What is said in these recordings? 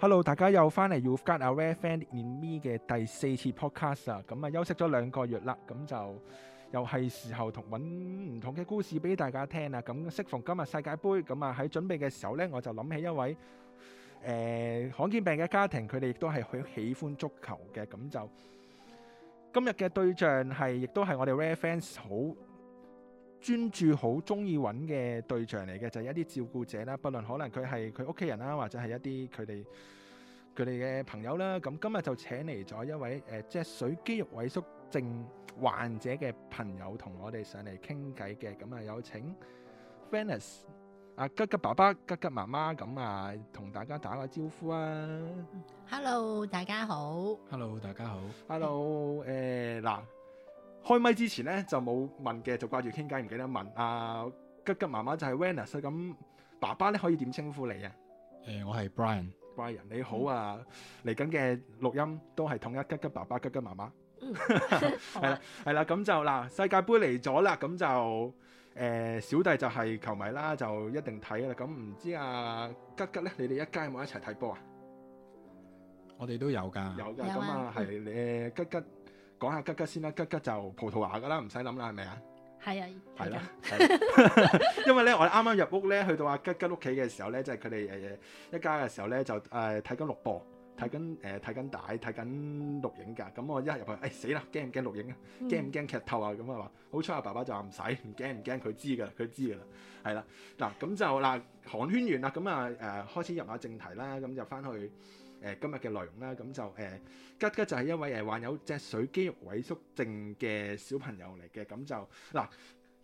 Hello，大家又翻嚟。You've got a rare friend in me 嘅第四次 podcast 啊，咁啊休息咗兩個月啦，咁就又係時候同揾唔同嘅故事俾大家聽啦。咁適逢今日世界盃，咁啊喺準備嘅時候咧，我就諗起一位誒、呃、罕見病嘅家庭，佢哋亦都係好喜歡足球嘅，咁就今日嘅對象係亦都係我哋 Rare Fans 好。專注好中意揾嘅對象嚟嘅，就係一啲照顧者啦，不論可能佢係佢屋企人啦，或者係一啲佢哋佢哋嘅朋友啦。咁今日就請嚟咗一位誒脊髓肌肉萎縮症患者嘅朋友同我哋上嚟傾偈嘅。咁啊，有請 Wenus 阿吉吉爸爸、吉吉媽媽，咁啊，同大家打個招呼啊！Hello，大家好！Hello，大家好！Hello，誒嗱。開麥之前咧就冇問嘅，就掛住傾偈唔記得問。阿吉吉媽媽就係 Wenus，咁爸爸咧可以點稱呼你啊？誒，我係 Brian，Brian 你好啊！嚟緊嘅錄音都係統一吉吉爸爸、吉吉媽媽。嗯，係啦係啦，咁就嗱世界杯嚟咗啦，咁就誒小弟就係球迷啦，就一定睇啦。咁唔知阿吉吉咧，你哋一家有冇一齊睇波啊？我哋都有噶，有噶，咁啊係誒吉吉。講下吉吉先啦，吉吉就葡萄牙噶啦，唔使諗啦，係咪啊？係啊，係啦。因為咧，我哋啱啱入屋咧，去到阿吉吉屋企嘅時候咧，即係佢哋誒一家嘅時候咧，就誒睇緊錄播，睇緊誒睇緊帶，睇緊錄影㗎。咁我一入去，誒、哎、死啦！驚唔驚錄影啊？驚唔驚劇透啊？咁啊話，好彩阿爸爸就話唔使，唔驚唔驚，佢知㗎啦，佢知㗎啦。係啦，嗱咁就嗱行圈完啦，咁啊誒開始入下正題啦，咁入翻去。誒今日嘅內容啦，咁就誒、呃、吉吉就係一位誒患有脊髓肌肉萎縮症嘅小朋友嚟嘅，咁就嗱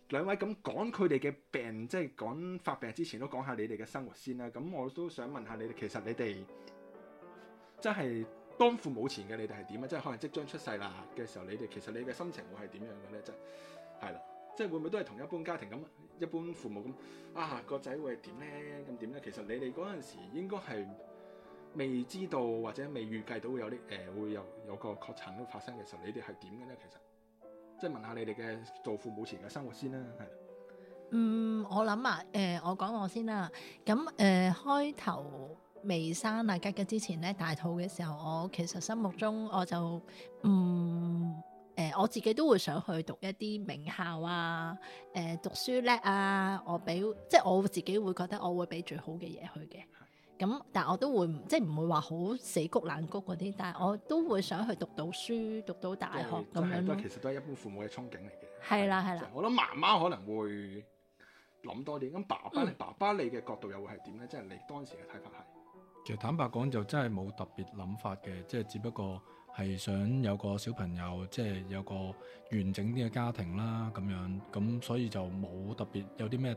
兩位咁講佢哋嘅病，即係講發病之前都講下你哋嘅生活先啦。咁我都想問下你哋，其實你哋即係當父母前嘅你哋係點啊？即係可能即將出世啦嘅時候，你哋其實你嘅心情會係點樣嘅咧？即係係啦，即係會唔會都係同一般家庭咁一,一般父母咁啊個仔會係點咧？咁點咧？其實你哋嗰陣時應該係。未知道或者未預計到會有啲誒、呃、會有有個確診發生嘅時候，你哋係點嘅咧？其實即係問下你哋嘅做父母前嘅生活先啦。係嗯，我諗啊，誒、呃，我講我先啦。咁、呃、誒，開頭未生啊吉吉之前咧，大肚嘅時候，我其實心目中我就唔誒、嗯呃，我自己都會想去讀一啲名校啊，誒、呃，讀書叻啊，我俾即係我自己會覺得我會俾最好嘅嘢去嘅。咁，但係我都會即係唔會話好死谷爛谷嗰啲，但係我都會想去讀到書，讀到大學咁樣咯。係其實都係一般父母嘅憧憬嚟嘅。係啦，係啦。我諗媽媽可能會諗多啲，咁爸爸，爸爸你嘅、嗯、角度又會係點咧？即係你當時嘅睇法係？其實坦白講，就真係冇特別諗法嘅，即係只不過係想有個小朋友，即係有個完整啲嘅家庭啦，咁樣咁，所以就冇特別有啲咩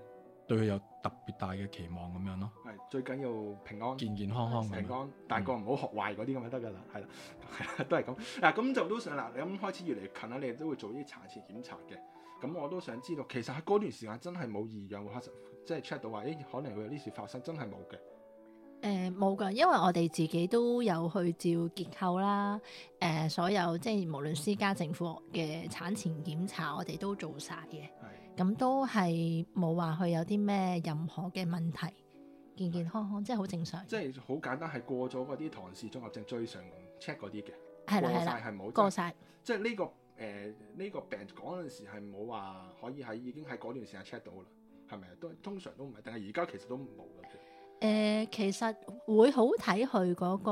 對佢有特別大嘅期望咁樣咯。最緊要平安、健健康康、平安、嗯、大個唔好學壞嗰啲咁就得噶啦，係啦、嗯，都係咁嗱。咁、啊、就都想啦，你咁開始越嚟越近啦，你哋都會做啲產前檢查嘅。咁我都想知道，其實喺嗰段時間真係冇異樣發生，即係 check 到話，咦、欸，可能會有呢事發生，真係冇嘅。誒、呃，冇噶，因為我哋自己都有去照結構啦。誒、呃，所有即係無論私家、政府嘅產前檢查，我哋都做晒嘅，咁的都係冇話佢有啲咩任何嘅問題。健健康康，即係好正常。即係好簡單，係過咗嗰啲唐氏綜合症最常 check 嗰啲嘅，過曬係冇過晒，即係呢個誒呢個病嗰陣時係冇話可以喺已經喺嗰段時間 check 到啦，係咪？都通常都唔係，但係而家其實都冇嘅。誒，其實會好睇佢嗰個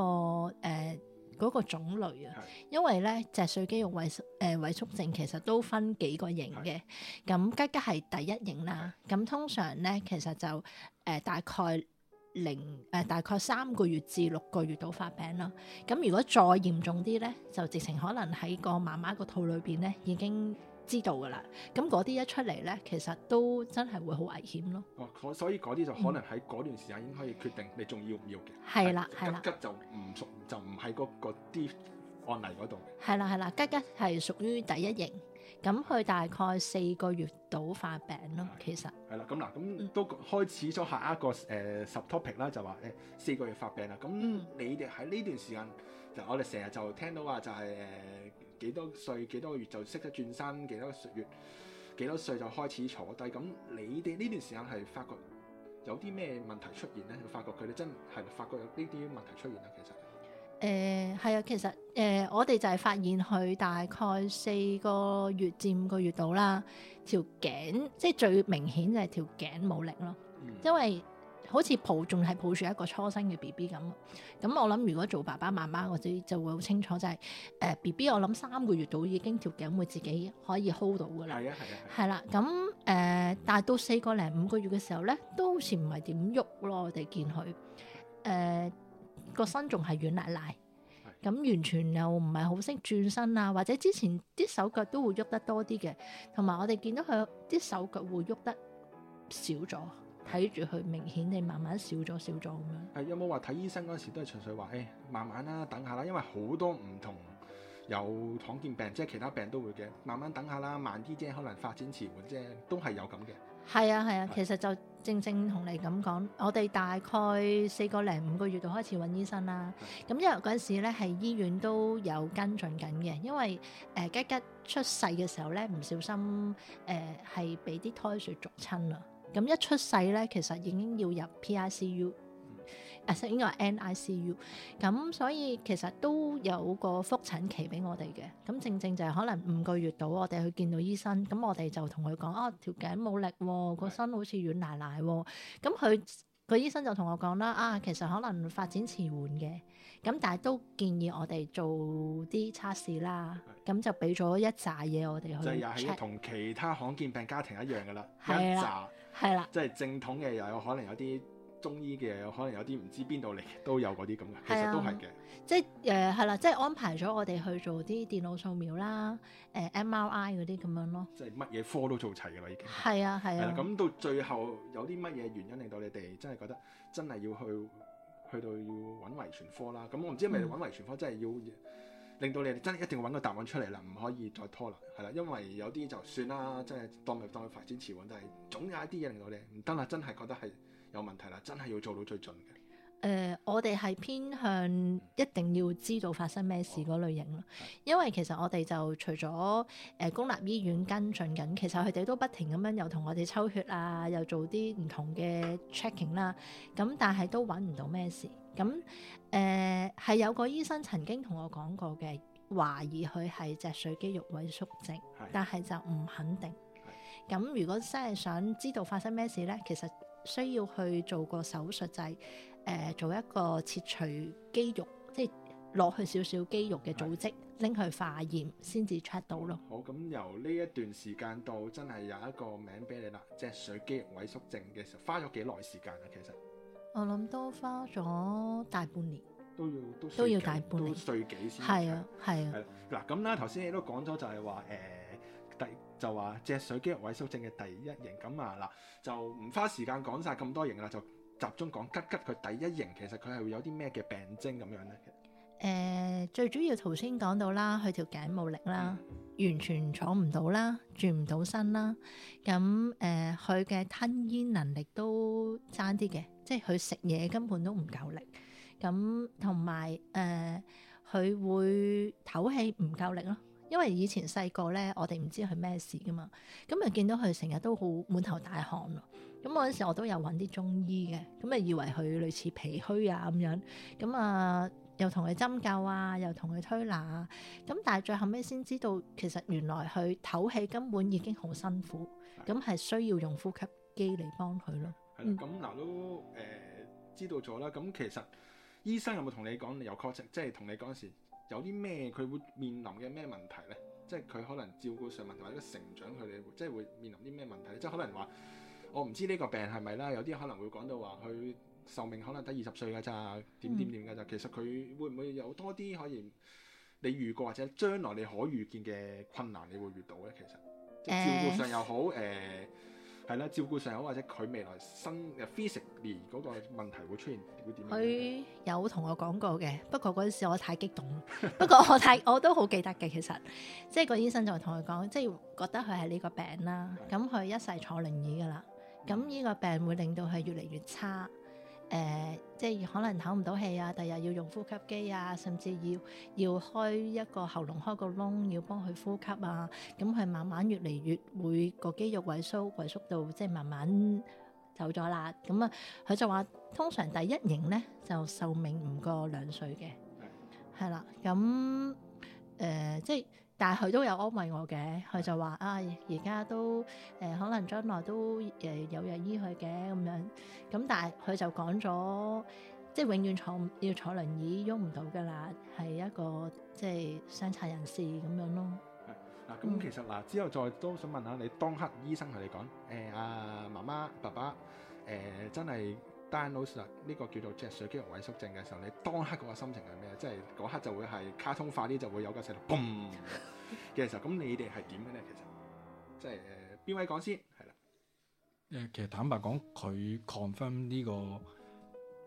誒嗰個種類啊，因為咧脊髓肌肉萎誒萎縮症其實都分幾個型嘅，咁吉吉係第一型啦。咁通常咧其實就誒大概。零誒、呃、大概三個月至六個月到發病啦，咁如果再嚴重啲咧，就直情可能喺個媽媽個肚裏邊咧已經知道噶啦，咁嗰啲一出嚟咧，其實都真係會好危險咯。哦，所以嗰啲就可能喺嗰段時間已經可以決定你仲要唔要嘅。係啦、嗯，係啦。 就吉，吉就唔熟，就唔係嗰啲案例嗰度。係啦，係啦，吉吉係屬於第一型。咁佢大概四個月到發病咯，的其實係啦，咁嗱，咁都開始咗下一個誒十 topic 啦，就話誒、呃、四個月發病啦。咁你哋喺呢段時間，就我哋成日就聽到話就係、是、誒、呃、幾多歲幾多個月就識得轉身，幾多月幾多歲就開始坐低。但係咁，你哋呢段時間係發覺有啲咩問題出現咧？發覺佢哋真係發覺有呢啲問題出現啦，其實。誒係啊，其實誒、呃、我哋就係發現佢大概四個月至五個月到啦，條頸即係最明顯就係條頸冇力咯，嗯、因為好似抱仲係抱住一個初生嘅 B B 咁。咁我諗如果做爸爸媽媽我自己就會好清楚、就係，就係誒 B B，我諗三個月到已經條頸會自己可以 hold 到噶、啊啊啊、啦。係啊，係啊，係啦。咁誒，但係到四個零五個月嘅時候咧，都好似唔係點喐咯，我哋見佢誒。呃個身仲係軟瀨瀨，咁完全又唔係好識轉身啊，或者之前啲手腳都會喐得多啲嘅，同埋我哋見到佢啲手腳會喐得少咗，睇住佢明顯地慢慢少咗少咗咁樣。係、嗯、有冇話睇醫生嗰時都係純粹話誒、欸、慢慢啦，等下啦，因為好多唔同有罕見病，即係其他病都會嘅，慢慢等下啦，慢啲啫，可能發展遲緩啫，都係有咁嘅。係啊係啊，其實就正正同你咁講，我哋大概四個零五個月就開始揾醫生啦。咁的因為嗰陣時咧，係醫院都有跟進緊嘅，因為誒吉吉出世嘅時候咧，唔小心誒係俾啲胎水續親啦。咁一出世咧，其實已經要入 PICU。誒，應該係 NICU，咁所以其實都有個覆診期俾我哋嘅，咁正正就係可能五個月到，我哋去見到醫生，咁我哋就同佢講，啊條頸冇力喎，個身好似軟奶奶喎，咁佢個醫生就同我講啦，啊其實可能發展遲緩嘅，咁但係都建議我哋做啲測試啦，咁就俾咗一紮嘢我哋去測。就係又係同其他罕見病家庭一樣噶啦，的一紮係啦，即係正統嘅，又有可能有啲。中醫嘅可能有啲唔知邊度嚟，都有嗰啲咁嘅，其實都係嘅。即係誒，係啦，即係安排咗我哋去做啲電腦掃描啦，誒 MRI 嗰啲咁樣咯。即係乜嘢科都做齊啦，已經。係啊，係啊。咁到最後有啲乜嘢原因令到你哋真係覺得真係要去去到要揾遺傳科啦？咁我唔知係咪揾遺傳科真，真係要令到你哋真係一定要揾個答案出嚟啦，唔可以再拖啦。係啦，因為有啲就算啦，真係當佢當佢發展遲緩但係，總有一啲嘢令到你唔得啦，真係覺得係。有問題啦！真係要做到最盡嘅。誒、呃，我哋係偏向一定要知道發生咩事嗰類型咯，嗯哦、因為其實我哋就除咗誒、呃、公立醫院跟進緊，其實佢哋都不停咁樣又同我哋抽血啊，又做啲唔同嘅 checking 啦、啊。咁但係都揾唔到咩事。咁誒係有個醫生曾經同我講過嘅，懷疑佢係脊髓肌肉萎縮症，嗯、但係就唔肯定。咁、嗯、如果真係想知道發生咩事咧，其實～需要去做個手術，就係誒做一個切除肌肉，即係攞去少少肌肉嘅組織，拎、嗯、去化驗先至 check 到咯、嗯。好咁，由、嗯、呢一段時間到真係有一個名俾你啦，即係脊髓肌肉萎縮症嘅時候，花咗幾耐時間啊？其實我諗都花咗大半年，都要都都要大半歲幾先。係啊、嗯，係、嗯、啊。嗱咁啦，頭、嗯、先、嗯嗯、你都講咗就係話誒。嗯就話脊髓肌肉萎縮症嘅第一型咁啊嗱，就唔花時間講晒咁多型啦，就集中講吉吉佢第一型，其實佢係會有啲咩嘅病徵咁樣咧？誒、呃，最主要頭先講到啦，佢條頸冇力啦，嗯、完全坐唔到啦，轉唔到身啦，咁誒佢嘅吞咽能力都差啲嘅，即係佢食嘢根本都唔夠力，咁同埋誒佢會唞氣唔夠力咯。因為以前細個咧，我哋唔知佢咩事噶嘛，咁啊見到佢成日都好滿頭大汗咯，咁嗰陣時我都有搵啲中醫嘅，咁啊以為佢類似脾虛啊咁樣，咁啊又同佢針灸啊，又同佢推拿啊，咁但係最後尾先知道，其實原來佢唞氣根本已經好辛苦，咁係係需要用呼吸機嚟幫佢咯。係嗯，咁嗱都誒、呃、知道咗啦，咁其實醫生有冇同你講有確即係同你嗰陣時？有啲咩佢會面臨嘅咩問題呢？即係佢可能照顧上問題，或者成長佢哋即係會面臨啲咩問題呢？即係可能話我唔知呢個病係咪啦，有啲可能會講到話佢壽命可能得二十歲㗎咋，點點點㗎咋？嗯、其實佢會唔會有多啲可以你遇過或者將來你可預見嘅困難，你會遇到呢？其實即照顧上又好誒。Uh 呃係啦，照顧上好，或者佢未來生 physically 嗰個問題會出現，會點樣？佢有同我講過嘅，不過嗰陣時我太激動， 不過我太，我都好記得嘅。其實即係個醫生就同佢講，即係覺得佢係呢個病啦。咁佢的一世坐輪椅㗎啦。咁呢、嗯、個病會令到佢越嚟越差。誒、呃。即係可能唞唔到氣啊，第日要用呼吸機啊，甚至要要開一個喉嚨開個窿，要幫佢呼吸啊。咁、嗯、佢慢慢越嚟越會個肌肉萎縮，萎縮到即係慢慢走咗啦。咁、嗯、啊，佢就話通常第一型呢就壽命唔過兩歲嘅，係啦的。咁誒、嗯呃、即係。但係佢都有安慰我嘅，佢就話啊，而、哎、家都誒、呃，可能將來都誒有藥醫佢嘅咁樣，咁但係佢就講咗，即係永遠坐要坐輪椅喐唔到嘅啦，係一個即係傷殘人士咁樣咯。咁、嗯啊、其實嗱、啊，之後再都想問下你，當刻醫生同你講，誒阿媽媽、爸爸，誒、呃、真係。Diagnose 呢個叫做脊髓肌肉萎縮症嘅時候，你當刻嗰個心情係咩？即係嗰刻就會係卡通化啲，就會有個細路 boom 嘅時候。咁你哋係點嘅咧？其實即係邊位講先？係啦。誒，其實坦白講，佢 confirm 呢個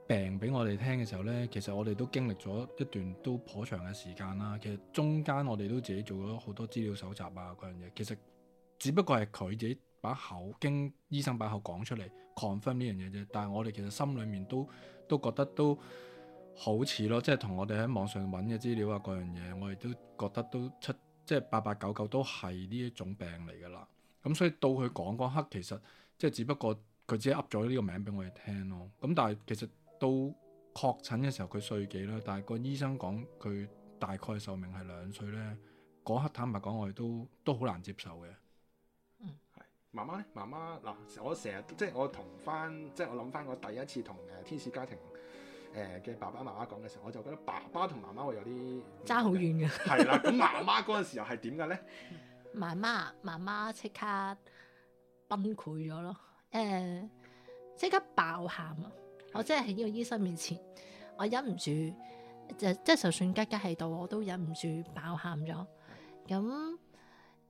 病俾我哋聽嘅時候咧，其實我哋都經歷咗一段都頗長嘅時間啦。其實中間我哋都自己做咗好多資料搜集啊嗰樣嘢。其實只不過係佢自己。把口經醫生把口講出嚟 confirm 呢樣嘢啫，但係我哋其實心裡面都都覺得都好似咯，即係同我哋喺網上揾嘅資料啊各樣嘢，我哋都覺得都七即係八八九九都係呢一種病嚟噶啦。咁所以到佢講嗰刻，其實即係只不過佢自己噏咗呢個名俾我哋聽咯。咁但係其實到確診嘅時候，佢歲幾啦？但係個醫生講佢大概壽命係兩歲咧。嗰刻坦白講，我哋都都好難接受嘅。媽媽咧，媽媽嗱，我成日即係我同翻，即係我諗翻我，我第一次同誒天使家庭誒嘅爸爸媽媽講嘅時候，我就覺得爸爸同媽媽會有啲差好遠嘅。係啦，咁媽媽嗰陣時候係點嘅咧？ 媽媽，媽媽即刻崩潰咗咯，誒、呃、即刻爆喊啊！我即係喺呢個醫生面前，我忍唔住，就即係就算吉吉喺度，我都忍唔住爆喊咗。咁誒。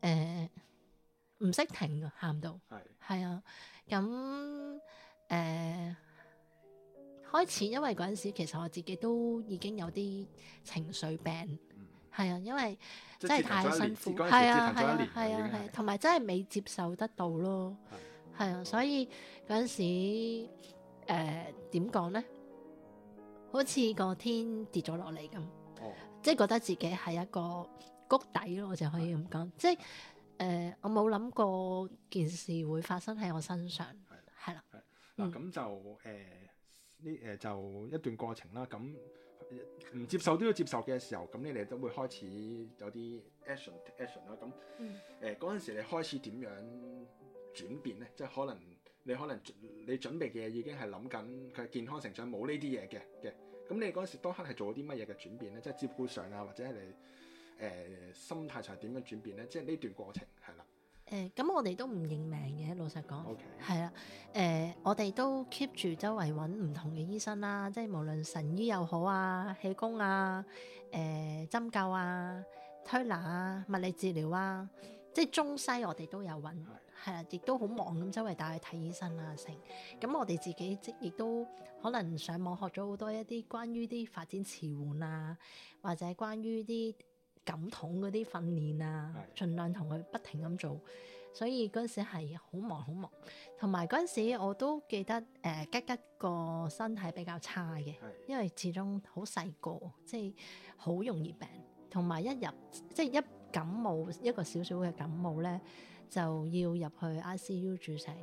呃唔識停㗎，喊到係係啊，咁誒的、呃、開始，因為嗰陣時其實我自己都已經有啲情緒病，係啊、嗯，因為真係是太辛苦，係啊係啊係啊係，同埋真係未接受得到咯，係啊的，所以嗰陣時誒點講咧，好似個天跌咗落嚟咁，即係、哦、覺得自己係一個谷底咯，我就可以咁講，即係、嗯。誒、呃，我冇諗過件事會發生喺我身上，係啦。係嗱，咁就誒呢誒，就一段過程啦。咁唔接受都要接受嘅時候，咁你哋都會開始有啲 action action 啦。咁誒，嗰陣、嗯呃、時你開始點樣轉變咧？即係可能你可能準你準備嘅已經係諗緊佢健康成長冇呢啲嘢嘅嘅。咁你嗰陣時當刻係做啲乜嘢嘅轉變咧？即係接觸上啊，或者係你。誒心態就係點樣轉變咧？即係呢段過程係啦。誒咁、呃、我哋都唔認命嘅，老實講，係啦 Okay.。誒、呃、我哋都 keep 住周圍揾唔同嘅醫生啦，即係無論神醫又好啊、氣功啊、誒、呃、針灸啊、推拿啊、物理治療啊，即係中西我哋都有揾，係啊的，亦都好忙咁周圍帶佢睇醫生啊。成。咁、嗯、我哋自己亦都可能上網學咗好多一啲關於啲發展遲緩啊，或者關於啲。感統嗰啲訓練啊，盡量同佢不停咁做，所以嗰陣時係好忙好忙，同埋嗰陣時我都記得誒、呃、吉吉個身體比較差嘅，因為始終好細個，即係好容易病，同埋一入即係一感冒一個小小嘅感冒咧，就要入去 ICU 住成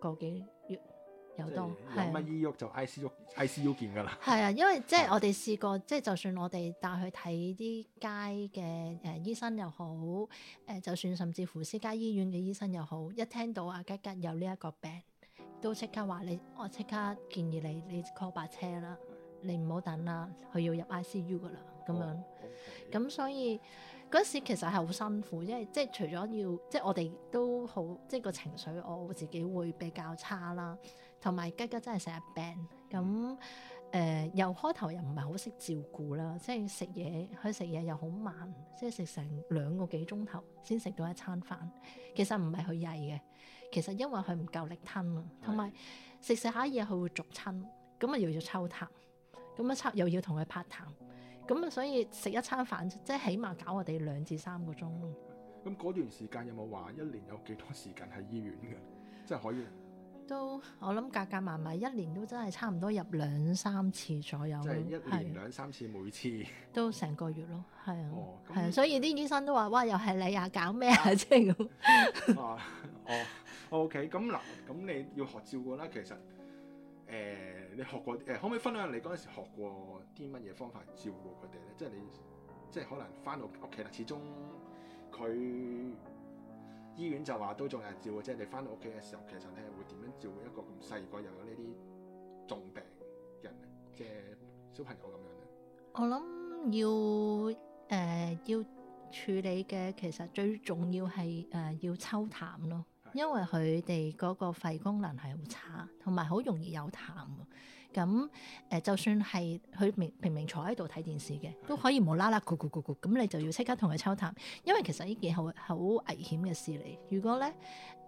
個幾月。又多，乜、啊、醫喐就 ICU，ICU 見㗎啦。係啊，因為即係我哋試過，即係 就算我哋帶去睇啲街嘅誒醫生又好，誒、呃、就算甚至乎私家醫院嘅醫生又好，一聽到阿、啊、吉吉有呢一個病，都即刻話你，我即刻建議你，你 call 白車啦，的你唔好等啦，佢要入 ICU 㗎啦，咁樣。咁、oh, okay. 所以嗰時其實係好辛苦，因為即係除咗要，即係我哋都好，即係個情緒我自己會比較差啦。Mm-hmm. 同埋吉吉真係成日病，咁誒、呃、又開頭又唔係好識照顧啦，即係食嘢佢食嘢又好慢，即係食成兩個幾鐘頭先食到一餐飯。其實唔係佢曳嘅，其實因為佢唔夠力吞啊。同埋的食食下嘢佢會逐親，咁啊又要抽痰，咁啊抽又要同佢拍痰，咁啊所以食一餐飯即係起碼搞我哋兩至三個鐘。咁嗰、嗯、段時間有冇話一年有幾多時間喺醫院嘅？即係可以。都我諗夾夾埋埋一年都真係差唔多入兩三次左右咯，即係一年兩是三次，每次都成個月咯，係啊，係啊，所以啲醫生都話哇，又係你啊，搞咩啊，即係咁。啊哦，O K，咁嗱，咁、 哦 okay，你要學照顧啦，其實誒、呃，你學過誒、呃呃，可唔可以分享你嗰陣時學過啲乜嘢方法照顧佢哋咧？即係你即係可能返到屋企啦，始終佢。醫院就話都仲有照嘅，即係你翻到屋企嘅時候，其實咧會點樣照顧一個咁細個又有呢啲重病人，即係小朋友咁樣咧？我諗要誒、呃、要處理嘅，其實最重要係誒、呃、要抽痰咯，因為佢哋嗰個肺功能係好差，同埋好容易有痰。咁誒，就算係佢明明平坐喺度睇電視嘅，都可以無啦啦咕咕咕咕，咁你就要即刻同佢抽痰，因為其實呢件好好危險嘅事嚟。如果咧誒、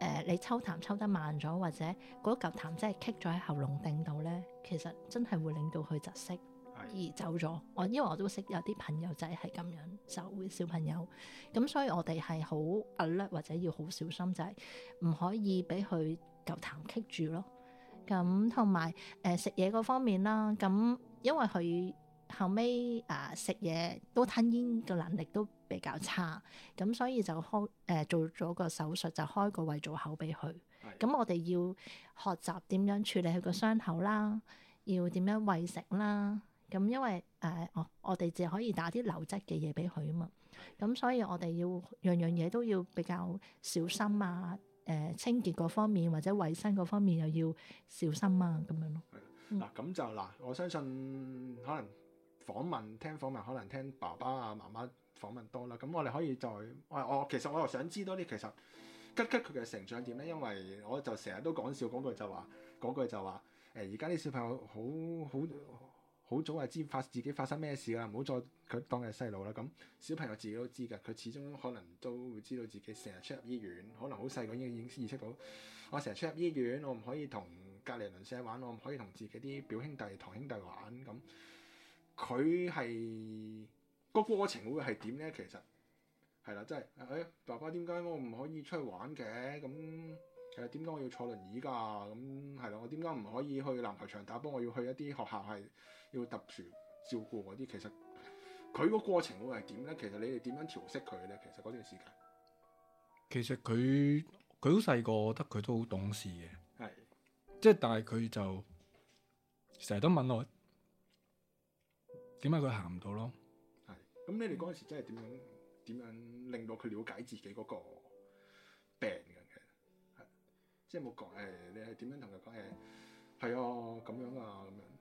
呃，你抽痰抽得慢咗，或者嗰嚿痰真係棘咗喺喉嚨頂度咧，其實真係會令到佢窒息而走咗。 我因為我都識有啲朋友仔係咁樣走小朋友，咁所以我哋係好 alert 或者要好小心，就係、是、唔可以俾佢嚿痰棘住咯。咁同埋誒食嘢嗰方面啦，咁、嗯、因為佢後尾啊食嘢都吞嚥嘅能力都比較差，咁、嗯、所以就開誒、呃、做咗個手術，就開個胃造口俾佢。咁的、嗯、我哋要學習點樣處理佢個傷口啦，要點樣餵食啦。咁、嗯、因為誒、呃哦、我我哋只可以打啲流質嘅嘢俾佢啊嘛，咁、嗯、所以我哋要樣樣嘢都要比較小心啊。誒、呃、清潔嗰方面或者衞生嗰方面又要小心啊咁樣咯。嗱咁、嗯嗯、就嗱，我相信可能訪問聽訪問可能聽爸爸啊媽媽訪問多啦。咁我哋可以再我我、哎哦、其實我又想知多啲，其實吉吉佢嘅成長點咧，因為我就成日都講笑嗰句就話，嗰句就話誒，而家啲小朋友好好。好早就知發自己發生咩事啦，唔好再佢當係細路啦。咁小朋友自己都知㗎，佢始終可能都會知道自己成日出入醫院，可能好細個已經意識到我成日出入醫院，我唔可以同隔離鄰舍玩，我唔可以同自己啲表兄弟、堂兄弟玩。咁佢係個過程會係點呢？其實係啦，真係誒、哎、爸爸點解我唔可以出去玩嘅？咁誒點解我要坐輪椅㗎？咁係啦，我點解唔可以去籃球場打波？我要去一啲學校係。要特殊照顧嗰啲，其實佢個過程會係點咧？其實你哋點樣調適佢咧？其實嗰段時間，其實佢佢好細個，我覺得佢都好懂事嘅，係，即係但係佢就成日都問我，點解佢行唔到咯？係，咁你哋嗰陣時真係點樣點樣令到佢了解自己嗰個病嘅？係，即係冇講誒，你係點樣同佢講嘢？係啊，咁樣啊，咁樣。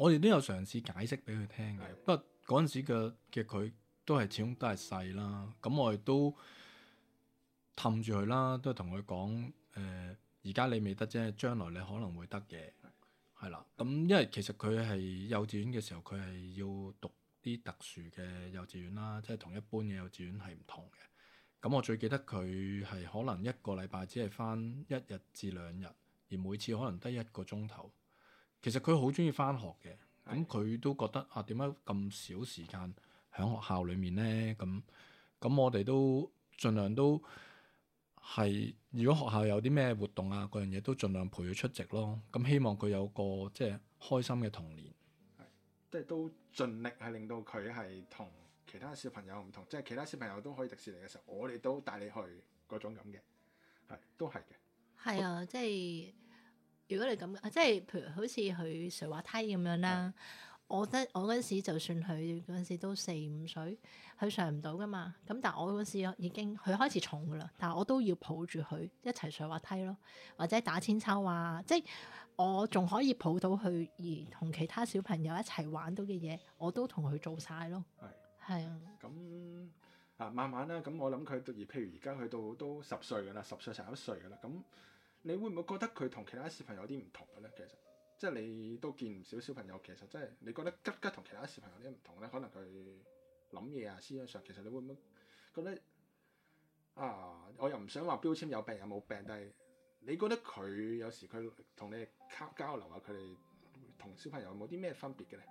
我哋都有嘗試解釋俾佢聽嘅，不過嗰陣時嘅嘅佢都係始終都係細啦，咁我哋都氹住佢啦，都係同佢講誒，而家你未得啫，將來你可能會得嘅，係啦的。咁因為其實佢係幼稚園嘅時候，佢係要讀啲特殊嘅幼稚園啦，即係同一般嘅幼稚園係唔同嘅。咁我最記得佢係可能一個禮拜只係返一日至兩日，而每次可能得一個鐘頭。其實佢好鍾意返學嘅，咁佢都覺得啊，點解咁少時間喺學校裏面咧？咁咁我哋都盡量都係，如果學校有啲咩活動啊，嗰樣嘢都盡量陪佢出席咯。咁希望佢有個即係、就是、開心嘅童年，即係都盡力係令到佢係同其他小朋友唔同，即係其他小朋友都可以迪士尼嘅時候，我哋都帶你去嗰種咁嘅，係都係嘅。係啊，即係。如果你咁，即係譬如好似佢上滑梯咁樣啦，嗯、我真我嗰陣時就算佢嗰陣時都四五歲，佢上唔到噶嘛。咁但係我嗰陣時已經佢開始重噶啦，但係我都要抱住佢一齊上滑梯咯，或者打千秋啊，即係我仲可以抱到佢而同其他小朋友一齊玩到嘅嘢，我都同佢做晒咯。係係、嗯、啊。咁、嗯、啊，慢慢啦。咁我諗佢譬如而家佢到都十歲噶啦，十歲成一歲噶啦。咁。你會唔會覺得佢同其他小朋友有啲唔同嘅咧？其實，即係你都見唔少小朋友，其實即係你覺得吉吉同其他小朋友有啲唔同咧，可能佢諗嘢啊、思想上，其實你會唔會覺得啊？我又唔想話標籤有病有冇病，但係你覺得佢有時佢同你交流下，佢哋同小朋友有冇啲咩分別嘅咧？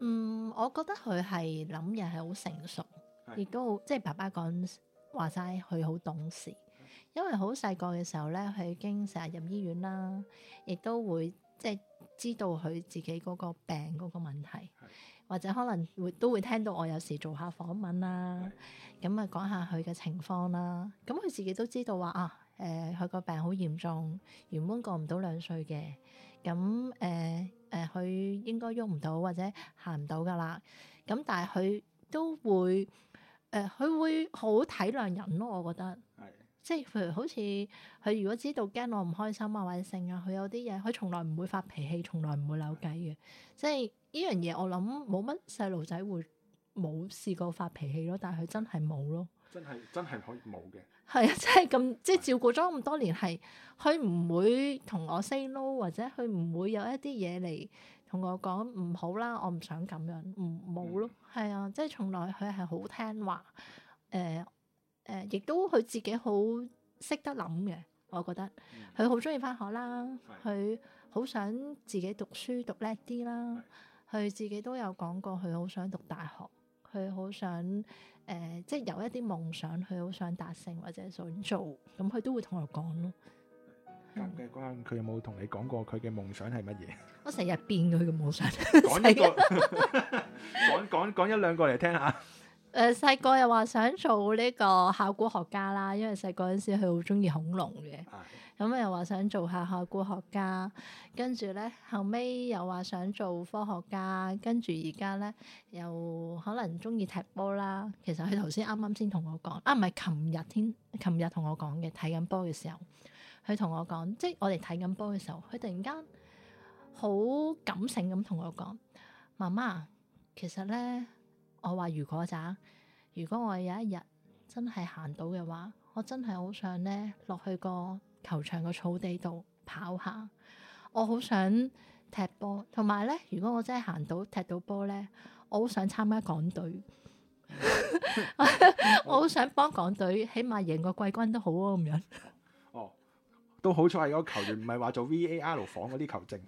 嗯，我覺得佢係諗嘢係好成熟，亦的都好，即係爸爸講話晒，佢好懂事。因為好細個嘅時候咧，佢已經成日入醫院啦，亦都會即係知道佢自己嗰個病嗰個問題，或者可能會都會聽到我有時做下訪問啦，咁啊講下佢嘅情況啦。咁佢自己都知道話啊，誒佢個病好嚴重，原本過唔到兩歲嘅，咁誒誒佢應該喐唔到或者行唔到㗎喇。咁但係佢都會誒，佢，呃，會好好體諒人咯，我覺得。即係譬如好似佢如果知道驚我唔開心啊，或者性啊，佢有啲嘢，佢從來唔會發脾氣，從來唔會扭計嘅。的即係呢樣嘢，我諗冇乜細路仔會冇試過發脾氣咯。但係佢真係冇咯。真係真係可以冇嘅。係啊，即係咁，即係照顧咗咁多年，係佢唔會同我 say no，或者佢唔會有一啲嘢嚟同我講唔好啦，我唔想咁樣，唔冇咯。係啊、嗯，即係從來佢係好聽話，誒、呃。誒，亦、呃、都佢自己好識得諗嘅，我覺得佢好中意返學啦，佢好的想自己讀書讀叻啲啦，佢的自己都有講過佢好想讀大學，佢好想誒、呃，即係有一啲夢想，佢好想達成或者想做，咁佢都會同我講咯。咁嘅講，佢有冇同你講過佢嘅夢想係乜嘢？我成日變佢嘅夢想，講一個，講講講一兩個嚟聽下。誒，細個又話想做呢個考古學家啦，因為細個嗰陣時佢好中意恐龍嘅，咁、啊嗯、又話想做下考古學家，跟住呢，後尾又話想做科學家，跟住而家呢，又可能中意踢波啦。其實佢頭先啱啱先同我講，啊唔係琴日先，琴日同我講嘅，睇緊波嘅時候，佢同我講，即係我哋睇緊波嘅時候，佢突然間好感性咁同我講，「媽媽，其實呢。」我話如果咋，如果我有一日真係行到嘅話，我真係好想咧，落去個球場嘅草地度跑下，我好想踢波，同埋咧如果我真係行到踢到波咧，我好想參加港隊， 我好想幫港隊，起碼贏個季軍都好啊咁樣。 都好彩係嗰個球員，唔係話做 V.A.R. 房嗰啲球證，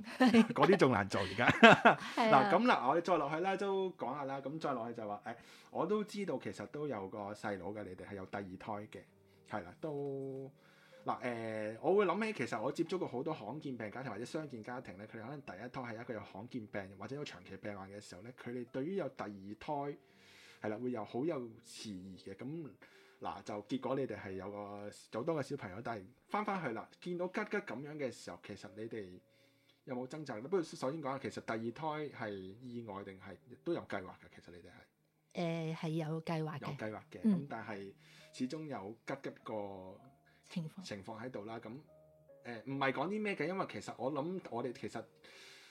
嗰啲仲難做而家。嗱咁嗱，我哋再落去啦，都講下啦。咁再落去就話誒、哎，我都知道其實都有個細佬嘅，你哋係有第二胎嘅，係啦，都嗱誒，我會諗起其實我接觸過好多罕見病家庭或者傷健家庭咧，佢哋可能第一胎係一個有罕見病或者有個長期病患嘅時候咧，佢哋對於有第二胎係啦，會有好有遲疑嘅咁。嗱，就結果你哋係有個有多個小朋友，但係翻翻去啦，見到吉吉咁樣嘅時候，其實你哋有冇掙扎？不如首先講下，其實第二胎係意外定係都有計劃嘅？其實你哋係誒係有計劃嘅，有計劃嘅咁，嗯、但係始終有吉吉個情況情況喺度啦。咁誒唔係講啲咩嘅，因為其實我諗我哋其實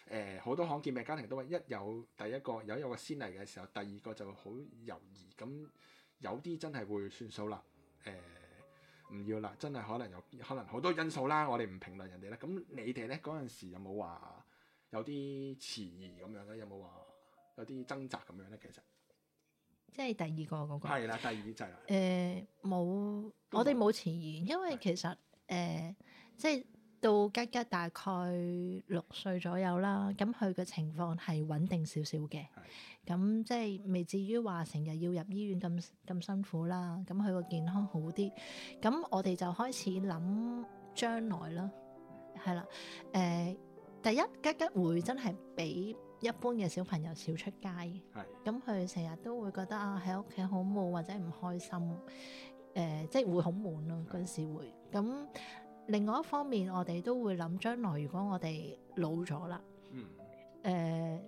誒好、呃、多罕見病家庭都係一有第一個有有個先例嘅時候，第二個就好猶豫咁。有啲真係會算數啦，誒、呃、唔要啦，真係可能有可能好多因素啦，我哋唔評論人哋咧。咁你哋咧嗰陣時有冇話有啲遲疑咁樣咧？有冇話有啲掙扎咁樣咧？其實即係第二個嗰、嗰個係啦，第二就係誒冇，呃嗯、我哋冇遲疑，因為其實誒的、呃、即係。到吉吉大概六歲左右啦，咁佢嘅情況係穩定少少嘅，咁的即係未至於話成日要入醫院咁咁辛苦啦。咁佢個健康好啲，咁我哋就開始諗將來啦。係啦，誒、呃，第一吉吉會真係比一般嘅小朋友少出街，咁佢成日都會覺得啊，喺屋企好悶，或者唔開心，誒、呃，即係會好悶咯，嗰陣時會咁。另外一方面，我哋都會諗將來，如果我哋老咗啦，誒、嗯呃、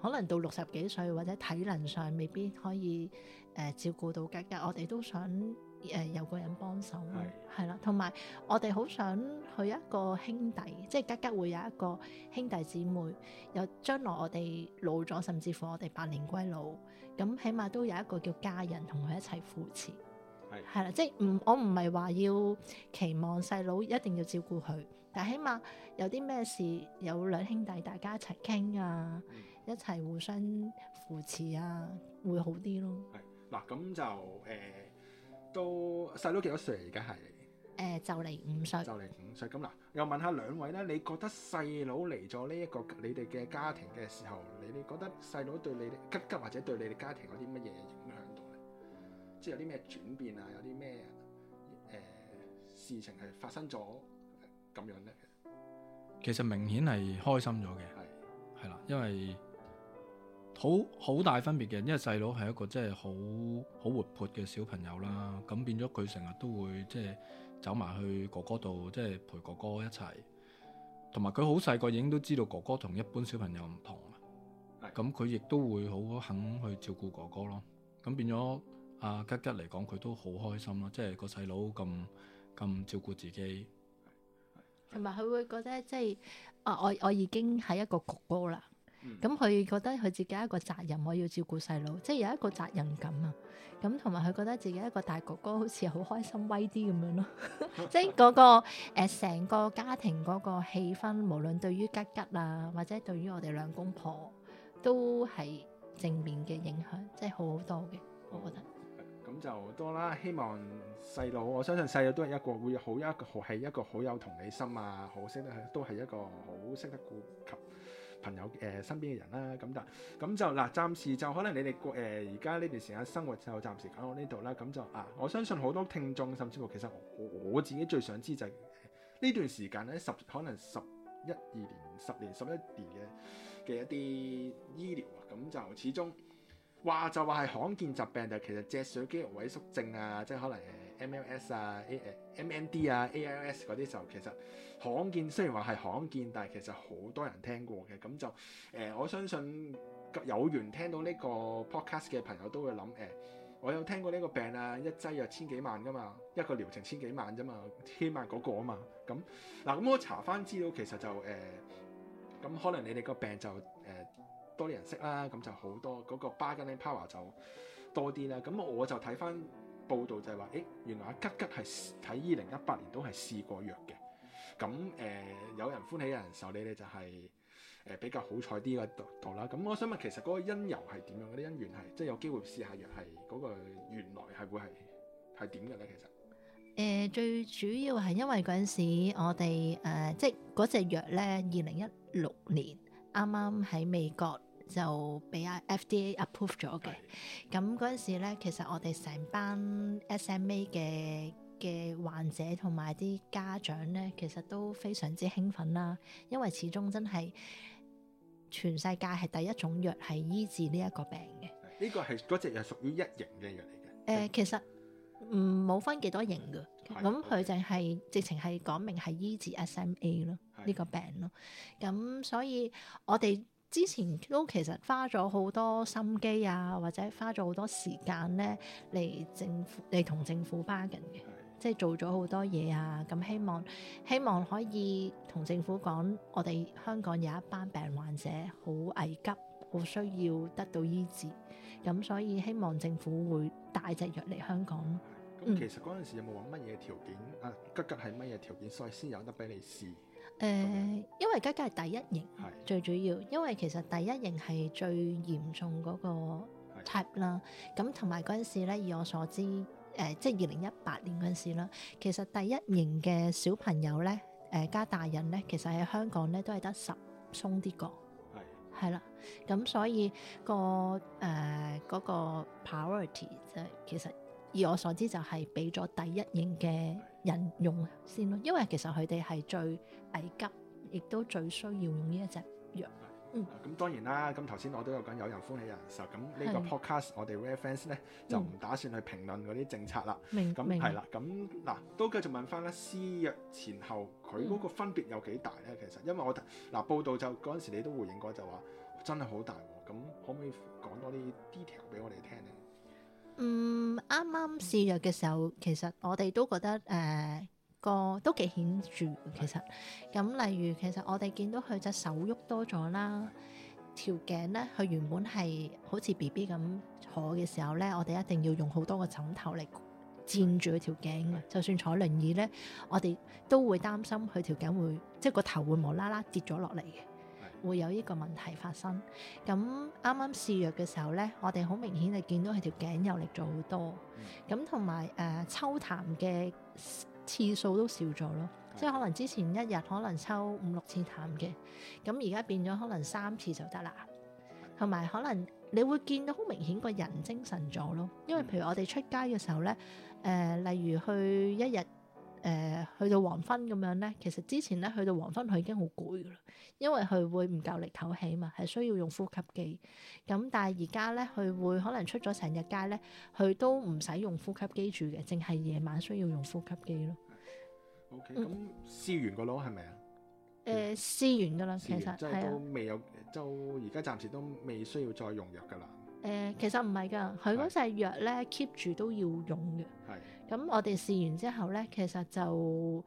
可能到六十幾歲或者體能上未必可以誒、呃、照顧到吉吉，我哋都想誒、呃、有個人幫手，係啦是，同埋我哋好想去一個兄弟，即係吉吉會有一個兄弟姊妹，有將來我哋老咗，甚至乎我哋百年歸老，咁起碼都有一個叫家人同佢一齊扶持。係啦，即係唔，我唔係話要期望細佬一定要照顧佢，但係起碼有啲咩事有兩兄弟大家一齊傾啊，嗯、一齊互相扶持啊，會好啲咯。係嗱，咁就誒，到細佬幾多歲啊？而家係誒，就嚟五歲。就嚟五歲，咁嗱，又問下兩位咧，你覺得細佬嚟咗呢一個你哋嘅家庭嘅時候，你哋覺得細佬對你哋，吉吉或者對你哋家庭有啲乜嘢？即有啲咩轉變啊？有啲咩誒事情係發生咗咁樣咧？其實明顯係開心咗嘅，係，係啦，因為好好大分別嘅，因為細佬係一個即係好好活潑嘅小朋友啦。咁、嗯、變咗佢成日都會即係走埋去哥哥度，即係陪哥哥一齊。同埋佢好細個已經都知道哥哥同一般小朋友唔同啊。咁佢亦都會好肯去照顧哥哥咯。咁變咗。阿、啊、吉吉嚟講，佢都好開心咯，即係個細佬咁咁照顧自己，同埋佢會覺得即係啊，我我已經係一個哥哥啦。咁佢、嗯、覺得佢自己一個責任，我要照顧細佬，即係有一個責任感啊。咁同埋佢覺得自己一個大哥哥，好似好開心威啲咁樣咯。 即係、那、嗰個成、呃、個家庭嗰個氣氛，無論對於吉吉啊，或者對於我哋兩公婆，都係正面嘅影響，即係好好多嘅，我覺得。咁就多啦，希望細路，我相信細路都係一個會好一個，係一個好有同理心啊，好識得都係一個好識得顧及朋友誒、呃、身邊嘅人、啊、啦。咁但，咁就嗱，暫時就可能你哋誒而家呢段時間生活就暫時講到呢度啦。咁就啊，我相信好多聽眾，甚至乎其實我，我自己最想知就係、是、呢、呃、段時間咧十可能十一二年、十年、十一年嘅嘅一啲醫療啊，咁就始終。哇！就話係罕見疾病，就其實脊髓肌肉萎縮症啊，即係可能誒、呃、M.L.S 啊、A 誒、呃、M.N.D 啊、A.L.S 嗰啲就其實罕見。雖然話係罕見，但係其實好多人聽過嘅。咁就誒、呃，我相信有緣聽到呢個 podcast 嘅朋友都會諗誒、呃，我有聽過呢個病啊，一劑又千幾萬噶嘛，一個療程千幾萬啫嘛，千萬嗰個啊嘛。咁嗱，咁我查翻資料，其實就誒，咁、呃、可能你哋個病就誒。呃多啲人識啦，咁就好多嗰、那個 bargaining power 就多啲啦。咁我就睇翻報道就係話，誒、欸、原來阿吉吉係喺二零一八年都係試過藥嘅。咁誒、呃、有人歡喜，有人受利，咧就係、是、誒比較好彩啲嘅度啦。咁我想問，其實嗰個因由係點樣？嗰啲因緣係即係有機會試下藥係嗰、那個原來係會係係點嘅咧？其實誒最主要係因為嗰陣時我哋誒、呃、即係嗰隻藥咧，二零一六年啱啱喺美國，就俾阿 FDA approve 咗嘅，咁嗰陣時咧，其實我哋成班 SMA 嘅嘅患者同埋啲家長咧，其實都非常之興奮啦，因為始終真係全世界係第一種藥係醫治呢一個病嘅。呢個係嗰隻藥屬於一型嘅藥嚟嘅。誒、呃，其實唔冇分幾多型嘅，咁佢、嗯、淨係、是嗯、直情係講明係醫治 SMA 咯，呢的個病咯。咁所以我哋。之前都其實花咗好多心機啊，或者花咗好多時間咧嚟政府嚟同政府 bargain 嘅，是的 即係做咗好多嘢啊。咁希望希望可以同政府講，我哋香港有一班病患者好危急，好需要得到醫治。咁所以希望政府會帶隻藥嚟香港。咁的、嗯、其實嗰陣時有冇話乜嘢條件啊？吉吉係乜嘢條件，所以先有得俾你試？誒，uh, Okay. 因為吉吉係第一型 Yes. 最主要，因為其實第一型係最嚴重嗰個 type 啦。咁同埋嗰陣時咧，以我所知，誒、呃、即係二零一八年嗰陣時啦，其實第一型嘅小朋友咧，誒、呃、加大人咧，其實喺香港咧都係得十鬆啲個，係啦 Yes.。咁所以、嗰個誒嗰、呃嗰個 priority 就係、是、其實以我所知就係俾咗第一型嘅。Yes. 人用先咯，因為其實佢哋係最危急，亦都最需要用呢一隻藥。嗯，咁、啊、當然啦，咁頭先我都有講，有人歡喜有人愁。咁的呢個 podcast 我哋 r e f a n s e 咧就唔打算去評論嗰啲政策啦。明咁明。係啦、嗯，咁嗱、嗯、都繼續問翻啦，私藥前後佢嗰個分別有幾大咧？其實因為我嗱、啊、報道就嗰陣時你都回應過就話真係好大喎。咁可唔可以講多啲 detail 俾我哋聽咧？嗯，啱啱試藥嘅時候，其實我哋都覺得誒、呃、個都幾顯著其實。咁 例如其實我哋見到佢隻手喐多咗啦，條頸咧佢原本係好似 B B 咁坐嘅時候咧， 我哋一定要用好多個枕頭嚟占住佢條頸嘅。 就算坐輪椅咧，我哋都會擔心佢條頸會即係個頭會無啦啦跌咗落嚟嘅。會有呢個問題發生。咁啱啱試藥嘅時候呢，我哋好明顯係見到佢條頸有力咗好多。咁同埋誒抽痰嘅次數都少咗咯。即係、嗯、可能之前一日可能抽五六次痰嘅，咁而家變咗可能三次就得啦。同埋可能你會見到好明顯個人精神咗咯。因為譬如我哋出街嘅時候呢，誒、呃、例如去一日。誒、呃、去到黃昏咁樣咧，其實之前咧去到黃昏佢已經好攰㗎啦，因為佢會唔夠力唞氣嘛，係需要用呼吸機。咁但係而家咧佢會可能出咗成日街咧，佢都唔使用，用呼吸機住嘅，淨係夜晚需要用呼吸機咯。咁 Okay、嗯、試完個攞係咪啊？誒、呃、試完㗎啦，其實係啊，未、就是、有就而家暫時都未需要再用藥㗎啦。誒、呃、其實唔係㗎，佢嗰隻藥咧 keep 住都要用嘅。係。咁我哋試完之後咧，其實就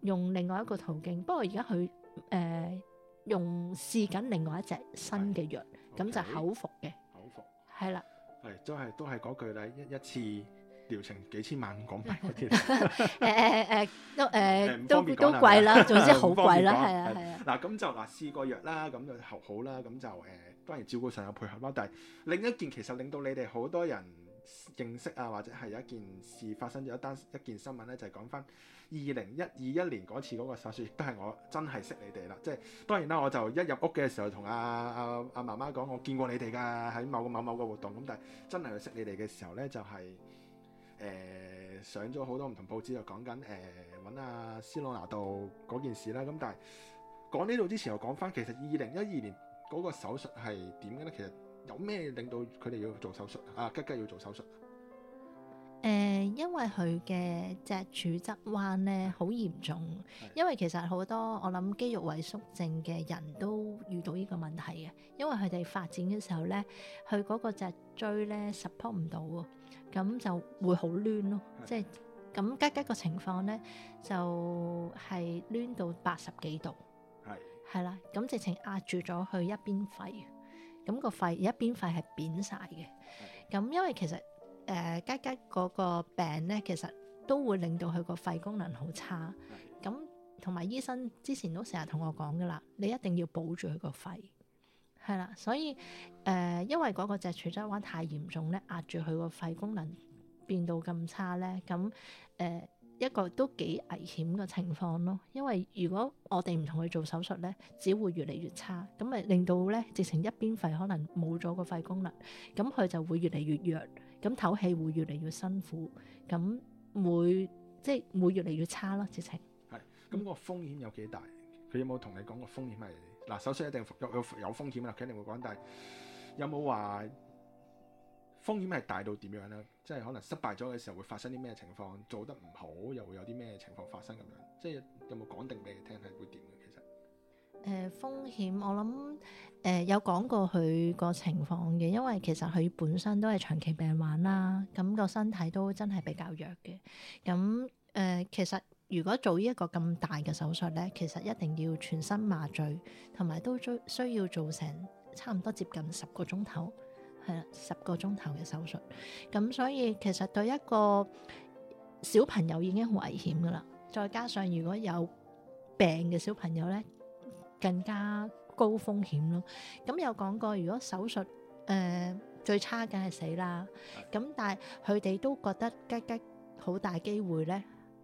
用另外一個途徑。不過而家佢誒用試緊另外一隻新嘅藥，咁就口服嘅，口服係啦，係都係都係嗰句啦，一一次療程幾千萬港幣。誒誒誒誒都誒都都貴啦，總之好貴啦，係啊係啊。嗱咁就嗱試過藥啦，咁就好好啦，咁就誒當然照顧上有配合啦。但係另一件其實令到你哋好多人，認識啊，或者係有一件事發生咗一單一件新聞咧，就係講翻二零一二一年嗰次嗰個手術，亦都係我真係識你哋啦。即係當然啦，我就一入屋嘅時候同阿阿阿媽媽講，我見過你哋噶喺某個某某個活動。咁但係真係去識你哋嘅時候咧，就係、是、誒、呃、上咗好多唔同報紙，就講緊誒搵阿希拉拿度嗰件事啦。咁但係講呢度之前又講翻，其實二零一二年嗰個手術係點嘅咧？其實。有咩令到佢哋要做手術啊？吉吉要做手術啊？誒，因為佢嘅脊柱側彎咧，好嚴重，的因為其實好多我諗肌肉萎縮症嘅人都遇到呢個問題嘅，因為佢哋發展嘅時候咧，佢嗰個脊椎咧 support 唔到，咁就會好攣咯。的即係咁吉吉個情況咧就係、是、攣到八十幾度，係係啦，咁直情壓住咗佢一邊肺。咁個肺而一邊肺係扁晒嘅，咁因為其實誒吉吉嗰個病咧，其實都會令到佢個肺功能好差。咁同埋醫生之前都成日同我講噶啦，你一定要保住佢個肺，係啦。所以誒、呃，因為嗰個脊柱側彎太嚴重咧，壓住佢個肺功能變到咁差咧，咁誒。呃一個都幾危險嘅情況咯，因為如果我哋唔同佢做手術咧，只會越嚟越差，咁咪令到咧直情一邊肺可能冇咗個肺功能，咁佢就會越嚟越弱，咁唞氣會越嚟越辛苦，咁會，即係會越嚟越差啦，直情是。係，咁個風險有幾大？佢有冇同你講個風險係？嗱，手術一定有有有風險啦，佢肯定會講，但係有冇話？風險係大到點樣呢？即係可能失敗咗嘅時候會發生啲咩情況？做得唔好，又會有啲咩情況發生咁樣？即係有冇講定俾你聽係會點嘅？其實誒風險，我諗誒、呃、有講過佢個情況嘅，因為其實佢本身都係長期病患啦，咁、那個身體都真係比較弱嘅。咁誒、呃，其實如果做呢一個咁大嘅手術咧，其實一定要全身麻醉，同埋都需需要做成差唔多接近十個鐘頭。係十個鐘頭嘅手術，咁所以其實對一個小朋友已經好危險噶啦，再加上如果有病嘅小朋友咧，更加高風險咯。咁有講過，如果手術誒、呃、最差梗係死啦，咁是的 但係佢哋都覺得吉吉好大機會咧，誒、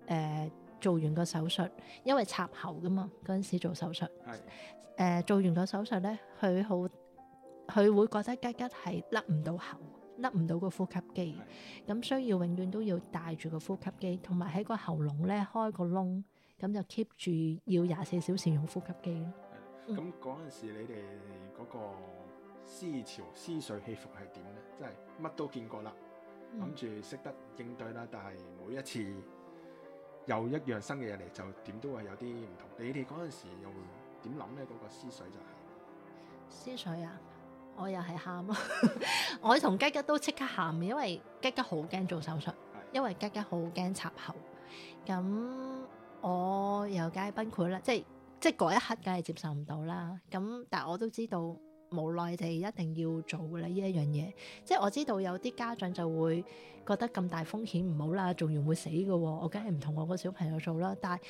呃、做完個手術，因為插喉噶嘛，嗰陣時做手術，係誒、呃、做完個手術咧，佢好。佢會覺得吉吉係甩唔到喉，甩唔到個呼吸機，咁的需要永遠都要戴住個呼吸機，同埋喺個喉嚨咧開個窿，咁就 keep 住要廿四小時用呼吸機。咁嗰陣時你哋嗰個思潮、思緒起伏係點咧？即係乜都見過啦，諗住識得應對啦，但係每一次又一樣新嘅嘢嚟，就點都會有啲唔同。你哋嗰陣時又點諗咧？嗰、那個思緒就係、是、思緒啊！我又係喊咯，我同吉吉都即刻喊，因為吉吉好驚做手術，因為吉吉好驚插喉。咁我又梗係崩潰啦，即係即係嗰一刻梗係接受唔到啦。咁但係我都知道，無奈地一定要做啦呢一樣嘢。即係我知道有啲家長就會覺得咁大風險唔好啦，做完會死噶，我梗係唔同我個小朋友做啦。但係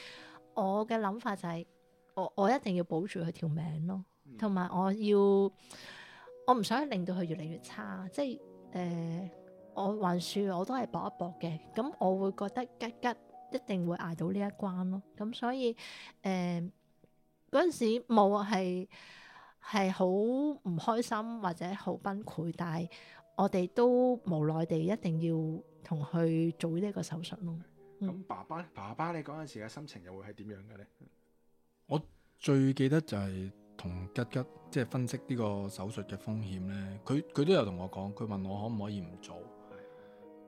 我嘅諗法就係，我我一定要保住佢條命咯，同埋我要。我唔想令到佢越嚟越差，即係誒、呃，我還算我都係搏一搏嘅，咁我會覺得吉吉一定會捱到呢一關咯。咁所以誒，嗰、呃、陣時冇係係好唔開心或者好崩潰，但係我哋都無奈地一定要同佢做呢一個手術咯。咁爸爸，嗯、爸爸你嗰陣時嘅心情又會係點樣嘅咧？我最記得就係、是。同吉吉即係分析呢個手術嘅風險咧，佢佢都有同我講，佢問我可唔可以唔做？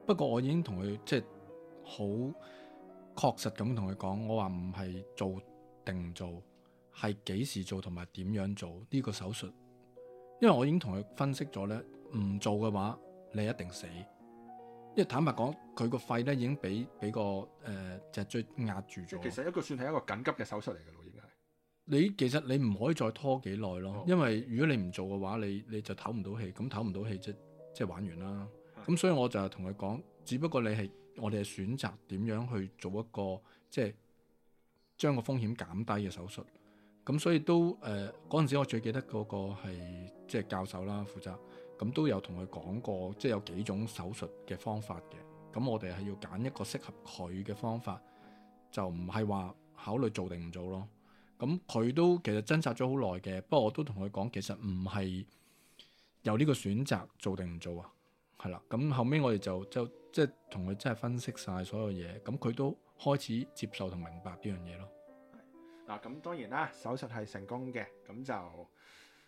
不過我已經同佢即係好確實咁同佢講，我話唔係做定唔做，係幾時做同埋點樣做呢個手術？因為我已經同佢分析咗咧，唔做嘅話你一定死。因為坦白講，佢個肺咧已經俾俾個誒、呃、脊椎壓住咗。其實一個算係一個緊急嘅手術嚟嘅咯，你其實你唔可以再拖幾耐咯，因為如果你唔做嘅話，你你就唞唔到氣，咁唞唔到氣即即係玩完啦。咁所以我就同佢講，只不過你係我哋係選擇點樣去做一個即係將個風險減低嘅手術。咁所以都誒嗰陣時，我最記得嗰個係即係教授啦，負責咁都有同佢講過，即係有幾種手術嘅方法嘅。咁我哋係要揀一個適合佢嘅方法，就唔係話考慮做定唔做咯。咁佢都其實掙扎咗好耐嘅，不過我都同佢講，其實唔係有呢個選擇做定唔做啊，係啦。咁後尾我哋就就即係同佢真係分析晒所有嘢，咁佢都開始接受同明白呢樣嘢咯。嗱，咁當然啦，手術係成功嘅，咁就。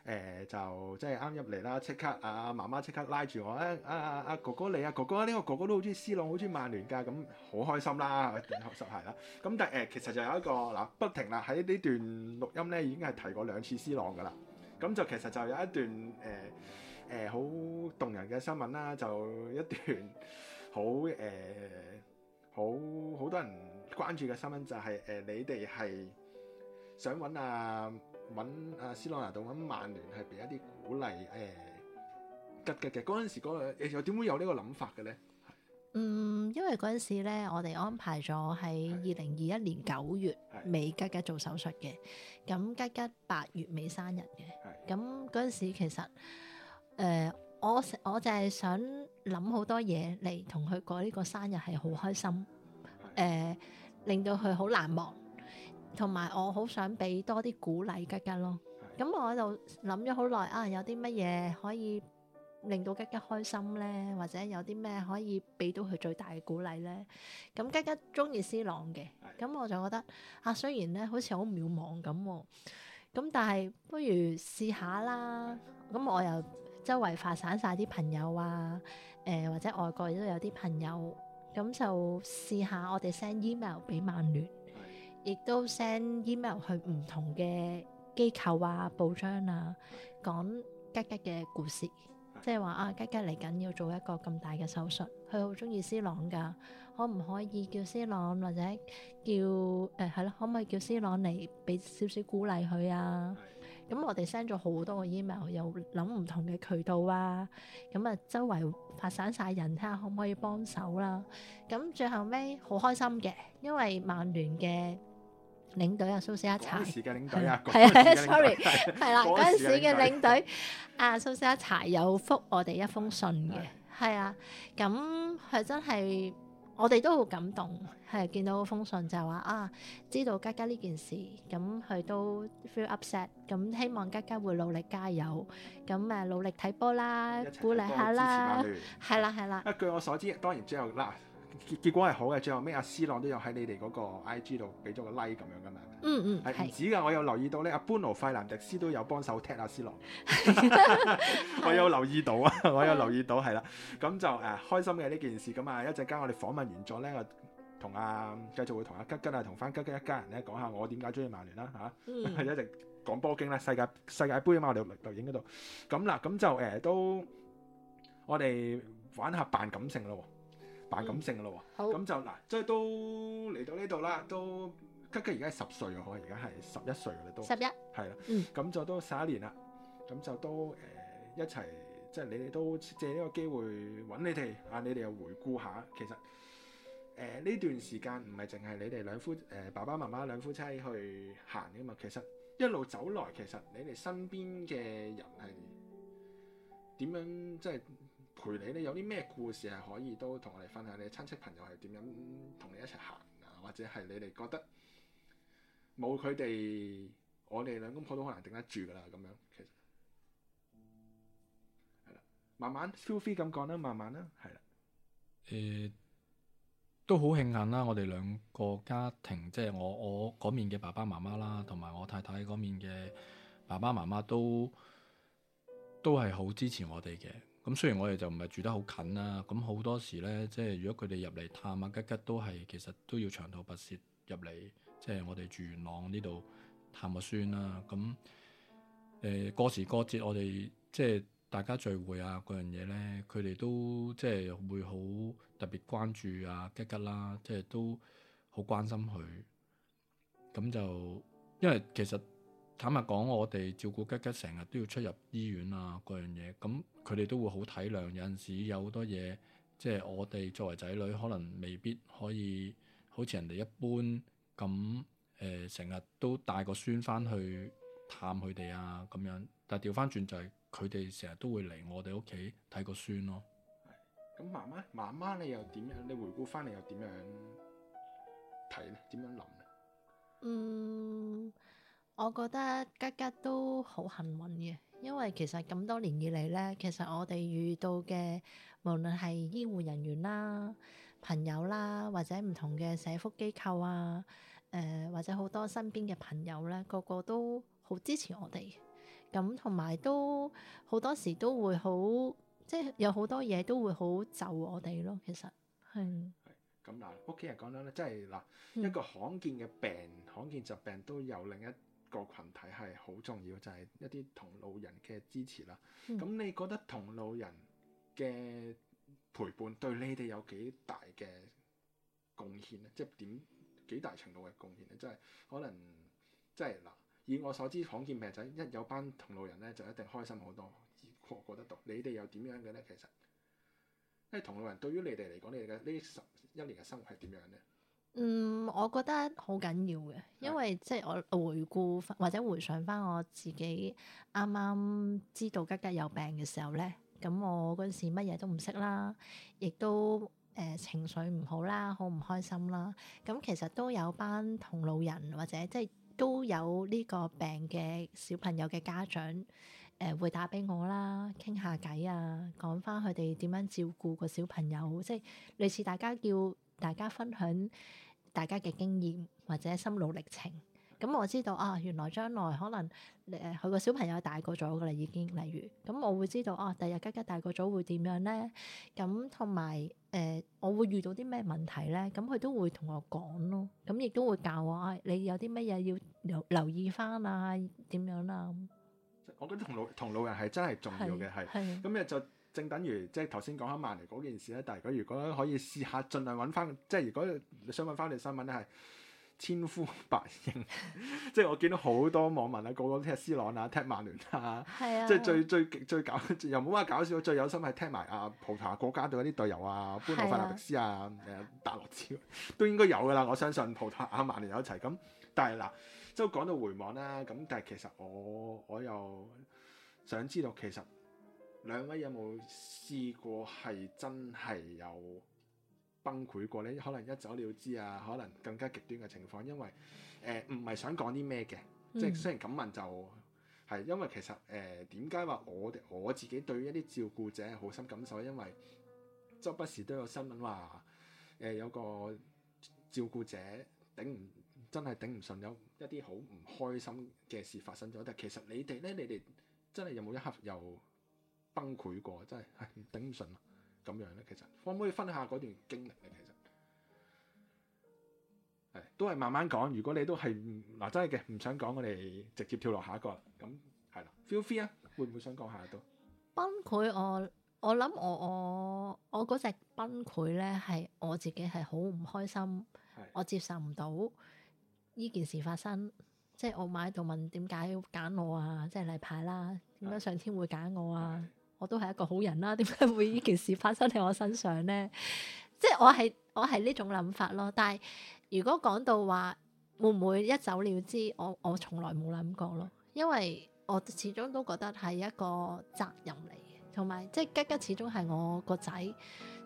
誒、呃、就即係啱入嚟啦，即刻阿阿媽媽即刻拉住我，誒阿阿哥哥你啊，啊哥哥，呢、啊這個哥哥都好中意 C 朗，好中意曼聯㗎，咁、嗯、好開心啦，一定確實係啦。咁但係、呃、其實就有一個嗱、呃、不停啦，喺呢段錄音咧已經係提過兩次 C 朗㗎啦。咁、嗯、就其實就有一段誒誒好動人嘅新聞啦，就一段好誒好好多人關注嘅新聞，就係、是、誒、呃、你哋係想揾啊。揾阿斯朗拿度，揾曼聯係俾一啲鼓勵。誒、哎、吉吉嘅嗰陣時嗰個又點會有呢個諗法嘅咧？嗯，因為嗰陣時咧，我哋安排咗喺二零二一年九月尾的吉吉做手術嘅，咁的吉吉八月尾生日嘅，咁嗰陣時其實誒、呃、我我就係想諗好多嘢嚟同佢過呢個生日係好開心，誒的、呃、令到佢好難忘。同埋，我好想俾多啲鼓勵吉吉咯。咁我就諗咗好耐啊，有啲乜嘢可以令到吉吉開心呢？或者有啲咩可以俾到佢最大嘅鼓勵呢？咁吉吉中意 C 朗嘅，咁我就覺得啊，雖然咧好似好渺茫咁、哦，咁但係不如試下啦。咁我又周圍發散晒啲朋友啊，誒、呃、或者外國都有啲朋友，咁就試下我哋 send email 俾曼聯。亦都 send email 去唔同嘅機構啊、報章啊，講吉吉嘅故事，即係話啊，吉吉嚟緊要做一個咁大嘅手術，佢好中意 C 朗㗎，可唔可以叫 C 朗或者叫誒係咯，可唔可以叫 C 朗嚟俾少少鼓勵佢啊？咁我哋 send 咗好多個 email，又諗唔同嘅渠道啊，咁啊周圍發散晒人，睇下可唔可以幫手啦、啊。咁最後尾好開心嘅，因為曼聯嘅。領隊啊，蘇 s 一 r 嘅領隊啊，係啊，sorry，係啦，嗰陣時嘅領隊啊，蘇 s 一 r 有覆我哋一封信嘅，係啊，咁佢真係我哋都好感動，係見到封信就話啊，知道吉吉呢件事，咁佢都 feel upset，咁希望吉吉會努力加油，咁誒努力睇波啦，鼓勵下啦，係啦係啦。啊，據我所知，當然之後啦。結果係好嘅，最後尾阿 C 朗都有喺你哋嗰個 IG 度俾咗個 like 咁樣噶嘛。嗯嗯，係唔止㗎，我有留意到咧，阿布魯費南迪斯都有幫手踢阿 C 朗。我有留意到啊，我有留意到係啦。咁就誒開心嘅呢件事咁啊，一陣間我哋訪問完咗咧，我同阿繼續會同阿吉吉啊，同返吉吉一家人咧講下我點解中意曼聯啦嚇，啊嗯、一直講波經啦，世界世界盃啊嘛，我哋錄影嗰度。咁啦，咁就誒都我哋玩下扮感性咯。嗯那那扮感性嘅咯喎，咁、嗯、就嗱，即係都嚟到呢度啦，都吉吉而家係十歲啊，可能而家係十一歲啦都，十、呃、一，係啦，咁就都十一年啦，咁就都誒一齊，即係你哋都借呢個機會揾你哋啊，你哋又回顧下其實誒呢、呃、段時間唔係淨係你哋兩夫誒、呃、爸爸媽媽兩夫妻去行噶嘛，其實一路走來其實你哋身邊嘅人係點樣即係？陪你，你有啲咩故事係可以都同我哋分享？你親戚朋友係點樣同你一齊行啊？或者係你哋覺得冇佢哋，我哋兩公婆都好難頂得住噶啦？咁樣其實係啦，慢慢 feel free 咁講啦，慢慢啦、啊，係啦。誒、欸，都好慶幸啦、啊，我哋兩個家庭，即、就、係、是、我我嗰面嘅爸爸媽媽啦，同埋我太太嗰面嘅爸爸媽媽都都係好支持我哋嘅。咁雖然我哋就唔係住得好近啦，咁好多時咧，即係如果佢哋入嚟探啊吉吉都，都係其實都要長途跋涉入嚟，即、就、係、是、我哋住元朗呢度探下孫啦。咁誒、呃、過時過節我，我哋即係大家聚會啊嗰樣嘢咧，佢哋都即係會好特別關注啊吉吉啦，即係都好關心佢。咁就因為其實坦白講，我哋照顧吉吉成日都要出入醫院啊嗰樣嘢，咁。佢哋都會好體諒，有陣時有好多嘢，即係我哋作為仔女，可能未必可以好似人哋一般咁誒，成日、呃、都帶個孫翻去探佢哋啊咁樣。但係調翻轉就係佢哋成日都會嚟我哋屋企睇個孫咯。咁媽媽，媽媽你又點樣？你回顧翻你又點樣睇咧？點樣諗咧？嗯，我覺得吉吉都好幸運嘅。因為其實咁多年以嚟咧，其實我哋遇到嘅無論係醫護人員啦、朋友啦，或者唔同嘅社福機構啊，誒、呃、或者好多身邊嘅朋友咧，個個都好支持我哋，咁同埋都好多時都會好，即係有好多嘢都會好就我哋咯。其實係。咁、嗯、嗱，屋企人講得咧，即係嗱一個罕見嘅病、罕見疾病都有另一。個群體係好重要，就係、是、一啲同路人嘅支持啦。咁、嗯、你覺得同路人嘅陪伴對你哋有幾大嘅貢獻咧？即係點幾大程度嘅貢獻咧？即係可能即係嗱，以我所知，罕見病仔一有班同路人咧，就一定開心好多，過過得到。你哋又點樣嘅呢？其實，因為同路人對於你哋嚟講，你哋嘅呢十一年嘅生活係點樣呢？嗯，我覺得好緊要嘅，因為即係我回顧或者回想翻我自己啱啱知道吉吉有病嘅時候咧，咁我嗰陣時乜嘢都唔識啦，亦都誒情緒唔好啦，好唔開心啦。咁其實都有班同路人或者即係都有呢個病嘅小朋友嘅家長誒會打俾我啦，傾下偈啊，講翻佢哋點樣照顧個小朋友，即係類似大家叫大家分享。大家嘅經驗或者心路歷程，咁我知道啊，原來將來可能誒佢個小朋友大個咗㗎喇，已經例如咁，我會知道啊，第日吉吉大個咗會點樣咧？咁同埋誒，我會遇到啲咩問題咧？咁佢都會同我講咯，咁亦都會教我，啊，你有啲乜嘢要留留意返啊？點樣啊？我覺得同老同老人係真係重要嘅，係咁咧就。正等於即係頭先講緊曼聯嗰件事咧，但係如果如果可以試下，盡量揾翻，即係如果你想揾翻啲新聞咧，係千呼百應， 即係我見到好多網民啊， 個個踢 C 朗啊，踢曼聯啊，係啊，即係最最最，最搞，最又唔好話搞笑，最有心係踢埋阿、啊、葡萄牙國家隊嗰啲隊友啊，搬落、啊、法萊迪斯啊，誒達洛治都應該有噶啦，我相信葡萄牙、啊、曼聯有一齊咁。但係嗱，即係講到回望啦，咁但係其實我我，我又想知道其實。其實兩位有冇試過係真係有崩潰過呢？可能一走了之啊，可能更加極端嘅情況。因為誒唔係想講啲咩嘅，嗯、即係雖然咁問就係因為其實誒點解話我哋，我自己對一啲照顧者好深感受，因為周不時都有新聞話誒有個照顧者頂唔真係頂唔順，有一啲好唔開心嘅事發生咗。但其實你哋呢，你哋真係有冇一刻又？崩潰過真係，頂唔順咯，咁樣咧，其實可唔可以分下嗰段經歷咧？其實係都係慢慢講。如果你都係嗱真係嘅，唔想講，我哋直接跳落下一個啦。咁係啦，feel free 啊，會唔會想講下都崩潰？我我諗我我我嗰隻崩潰咧，係我自己係好唔開心，是的 我接受唔到呢件事發生，即係我喺度問點解揀我啊？即係例牌啦，點解上天會揀我啊？是的 我都係一個好人啦，啊，點解會呢件事發生喺我身上呢？ 即係我係我係呢種諗法咯。但係如果講到話會唔會一走了之，我我從來冇諗過咯。因為我始終都覺得係一個責任嚟嘅，同埋即係吉吉始終係我個仔。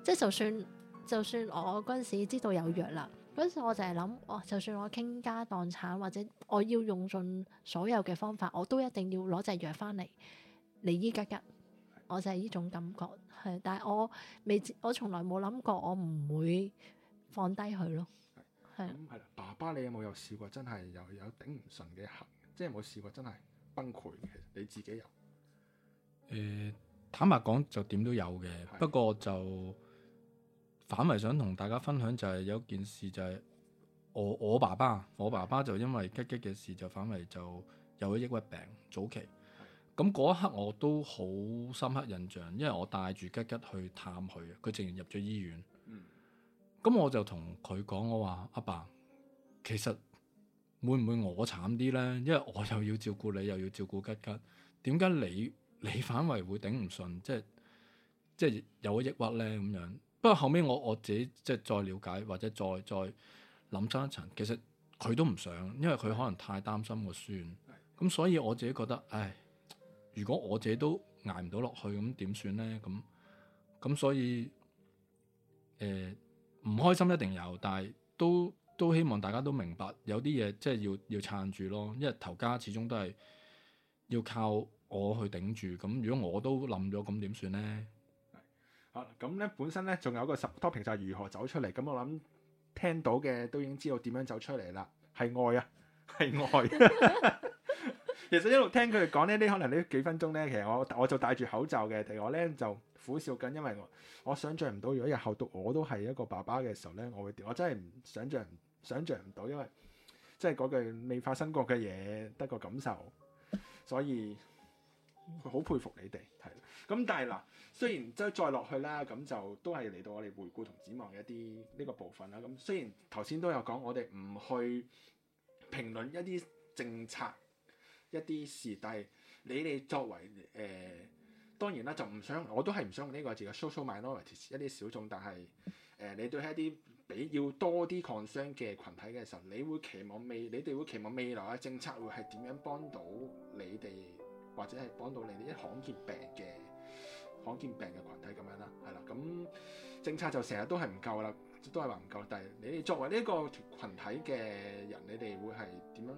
即係就算就算我嗰時知道有藥啦，嗰時我就係諗哦，就算我傾家蕩產或者我要用盡所有嘅方法，我都一定要攞隻藥翻嚟嚟醫吉吉。我就係呢種感覺，係，但係我未，我從來冇諗過，我唔會放低佢咯，係。係、嗯，爸爸你有冇有試過真係又有頂唔順嘅一刻，即係冇試過真係崩潰嘅？你自己有？誒、呃，坦白講就點都有嘅，係不過就反為想同大家分享就係有一件事就係、是、我我爸爸，我爸爸就因為吉吉嘅事就反為就有咗抑鬱病早期。咁嗰一刻我都好深刻印象，因為我帶住吉吉去探佢，佢竟然入咗醫院。咁、嗯、我就同佢講，我話阿爸，爸，其實會唔會我慘啲呢？因為我又要照顧你，又要照顧吉吉，點解你你反為會頂唔順，即係即係有個抑鬱呢。」咁樣。不過後尾，我我自己即係再了解，或者再再諗深一層，其實佢都唔想，因為佢可能太擔心個孫。咁所以我自己覺得，唉。如果我自己都捱唔到落去，咁點算呢？咁咁所以誒唔、呃、開心一定有，但係都都希望大家都明白，有啲嘢即係要要撐住咯，因為頭家始終都係要靠我去頂住。咁如果我都冧咗，咁點算呢？ 嗯、好咁咧，本身咧仲有個十 topic 就係如何走出嚟。咁我諗聽到嘅都已經知道點樣走出嚟啦。係愛啊，係愛。 其實一路聽佢哋講呢啲可能呢幾分鐘呢，其實我我就戴住口罩嘅，其實我呢就苦笑緊，因為我我想象唔到如果日後到我都係一個爸爸嘅時候呢，我會點？我真係唔想象想象唔到，因為即係嗰句未發生過嘅嘢，得個感受，所以好佩服你哋係咁。但係嗱，雖然即係再落去啦，咁就都係嚟到我哋回顧同展望一啲呢個部分啦。咁雖然頭先都有講，我哋唔去評論一啲政策。一啲事，但係你哋作為誒、呃，當然啦，就唔想我都係唔想用呢個字嘅 social minority，一啲小眾，但係誒、呃，你對係一啲比較多啲 concern 嘅群體嘅時候，你會期望未？你哋會期望未來嘅政策會係點樣幫到你哋，或者係幫到你哋啲罕見病嘅罕見病嘅羣體咁樣啦，係啦，咁、嗯、政策就成日都係唔夠啦，都係話唔夠，但係你哋作為呢個群體嘅人，你哋會係點樣？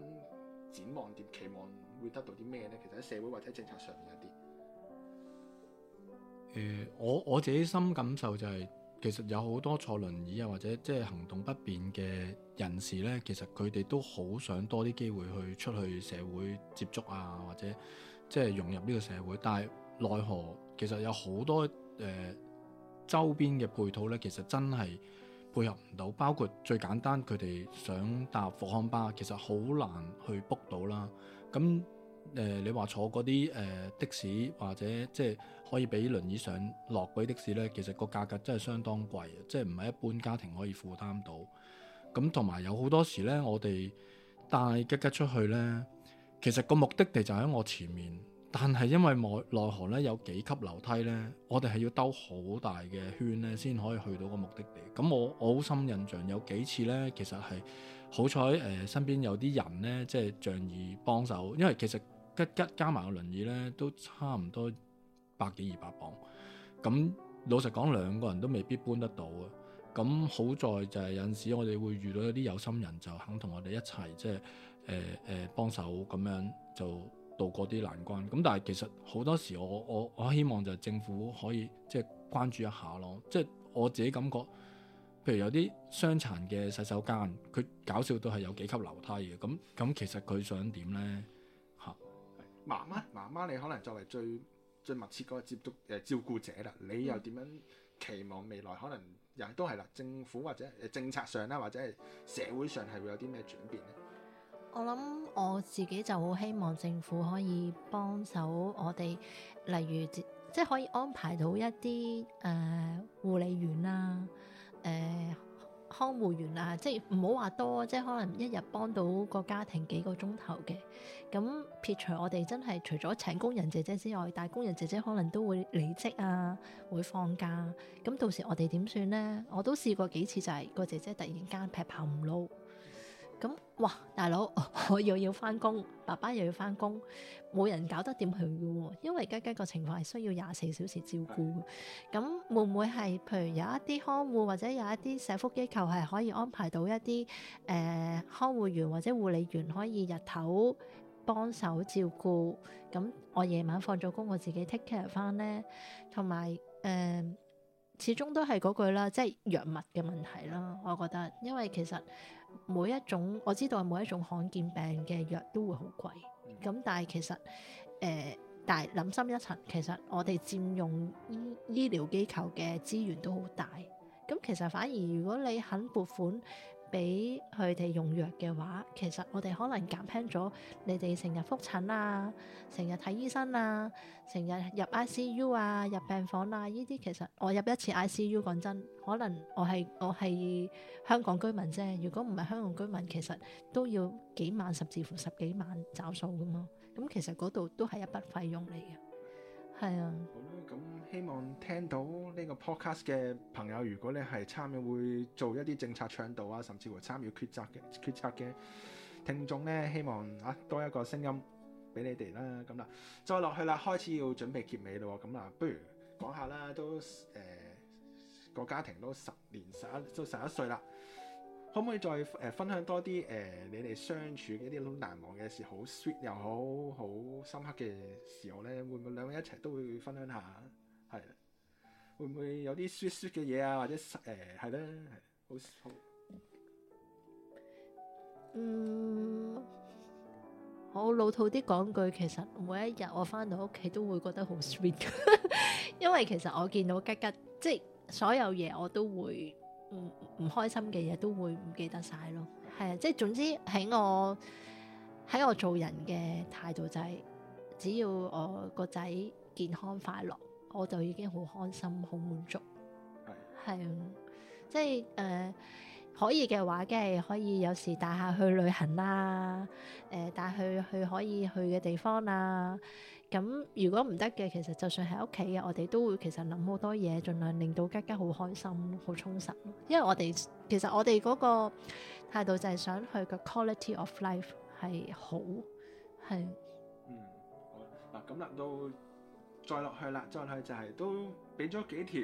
展望點？期望會得到啲咩呢？其實喺社會或者政策上面一啲。誒，我我自己深感受就係、是，其實有好多坐輪椅啊，或者即係行動不便嘅人士呢，其實佢哋都好想多啲機會去出去社會接觸啊，或者即係融入呢個社會。但係奈何其實有好多誒、呃、周邊嘅配套呢，其實真係。配合唔到，包括最簡單，佢哋想搭復康巴，其實好難去 book 到啦。咁誒、呃，你話坐嗰啲誒的士或者即係可以俾輪椅上落嗰啲的士咧，其實個價格真係相當貴啊，即係唔係一般家庭可以負擔到。咁同埋有好多時咧，我哋帶吉吉出去咧，其實個目的地就喺我前面。但係因為內內河咧有幾級樓梯咧，我哋係要兜好大嘅圈咧，先可以去到個目的地。咁我我好深印象有幾次咧，其實係好彩誒、呃，身邊有啲人咧即係仗義幫手。因為其實吉吉加埋個輪椅咧都差唔多百幾二百磅。咁老實講，兩個人都未必搬得到啊。咁好在就係有陣時我哋會遇到一啲有心人就肯同我哋一齊即係誒誒幫手咁樣就。渡過啲難關，咁但係其實好多時我，我我我希望就政府可以即係關注一下咯，即係我自己感覺，譬如有啲傷殘嘅洗手間，佢搞笑到係有幾級樓梯嘅，咁咁其實佢想點呢？嚇，媽媽媽媽，你可能作為最最密切個接觸誒照顧者啦，你又點樣期望未來可能又、嗯、都係啦？政府或者政策上啦，或者係社會上係會有啲咩轉變呢？我諗我自己就好希望政府可以幫手我哋，例如即係可以安排到一啲誒護理員啦、啊，誒看護員啦、啊，即係唔好話多，即係可能一日幫到個家庭幾個鐘頭嘅。咁撇除我哋真係除咗請工人姐姐之外，但係工人姐姐可能都會離職啊，會放假，咁到時我哋點算呢？我都試過幾次就係、是、個姐姐突然間劈炮唔撈。咁哇，大佬我又要翻工，爸爸又要翻工，冇人搞得掂佢嘅。因為吉吉個情況係需要廿四小時照顧。咁會唔會係，譬如有一啲看護或者有一啲社福機構係可以安排到一啲誒、呃、看護員或者護理員可以日頭幫手照顧？咁我夜晚放咗工，我自己 take care 翻咧。同埋誒，始終都係嗰句啦，即係藥物嘅問題啦。我覺得，因為其實。每一種我知道嘅每一種罕見病嘅藥都會好貴，咁但係其實誒、呃，但係諗深一層，其實我哋佔用醫醫療機構嘅資源都好大，咁其實反而如果你肯撥款。俾佢哋用藥嘅話，其實我哋可能減輕咗你哋成日覆診啊，成日睇醫生啊，成日入 ICU 啊，入病房啊，呢啲其實我入一次 ICU 講真，可能我係我係香港居民啫。如果唔係香港居民，其實都要幾萬，甚至乎十幾萬找數㗎嘛。咁其實嗰度都係一筆費用嚟嘅。係啊。嗯希望聽到呢個 podcast 嘅朋友，如果你係參與會做一啲政策倡導啊，甚至乎參與決策嘅決策嘅聽眾咧，希望啊多一個聲音俾你哋啦。咁啦，再落去啦，開始要準備結尾啦。咁啦，不如講下啦，都誒、呃、個家庭都十年十一都十一歲啦，可唔可以再誒分享多啲誒、呃、你哋相處嘅一啲好難忘嘅事，好 sweet 又好好深刻嘅時候咧，會唔會兩位一齊都會分享下？會唔會有啲酸酸嘅嘢啊？或者誒，係、呃、啦，好，好嗯，我老土啲講句，其實每一日我翻到屋企都會覺得好 sweet，嗯、 因為其實我見到吉吉，即係所有嘢我都會唔唔開心嘅嘢都會唔記得晒咯。係啊，即係總之喺我喺我做人嘅態度就係、係，只要我個仔健康快樂。我就已經好開心，好滿足，係的，啊，即係誒、呃，可以嘅話，梗係可以有時帶下去旅行啦，誒、呃，帶去去可以去嘅地方啦。咁如果唔得嘅，其實就算喺屋企嘅，我哋都會其實諗好多嘢，盡量令到吉吉好開心，好充實。因為我哋其實我哋嗰個態度就係想去個 quality of life 係好係，嗯，好嗱咁啦都。啊再落去啦，再落去就係都俾咗幾條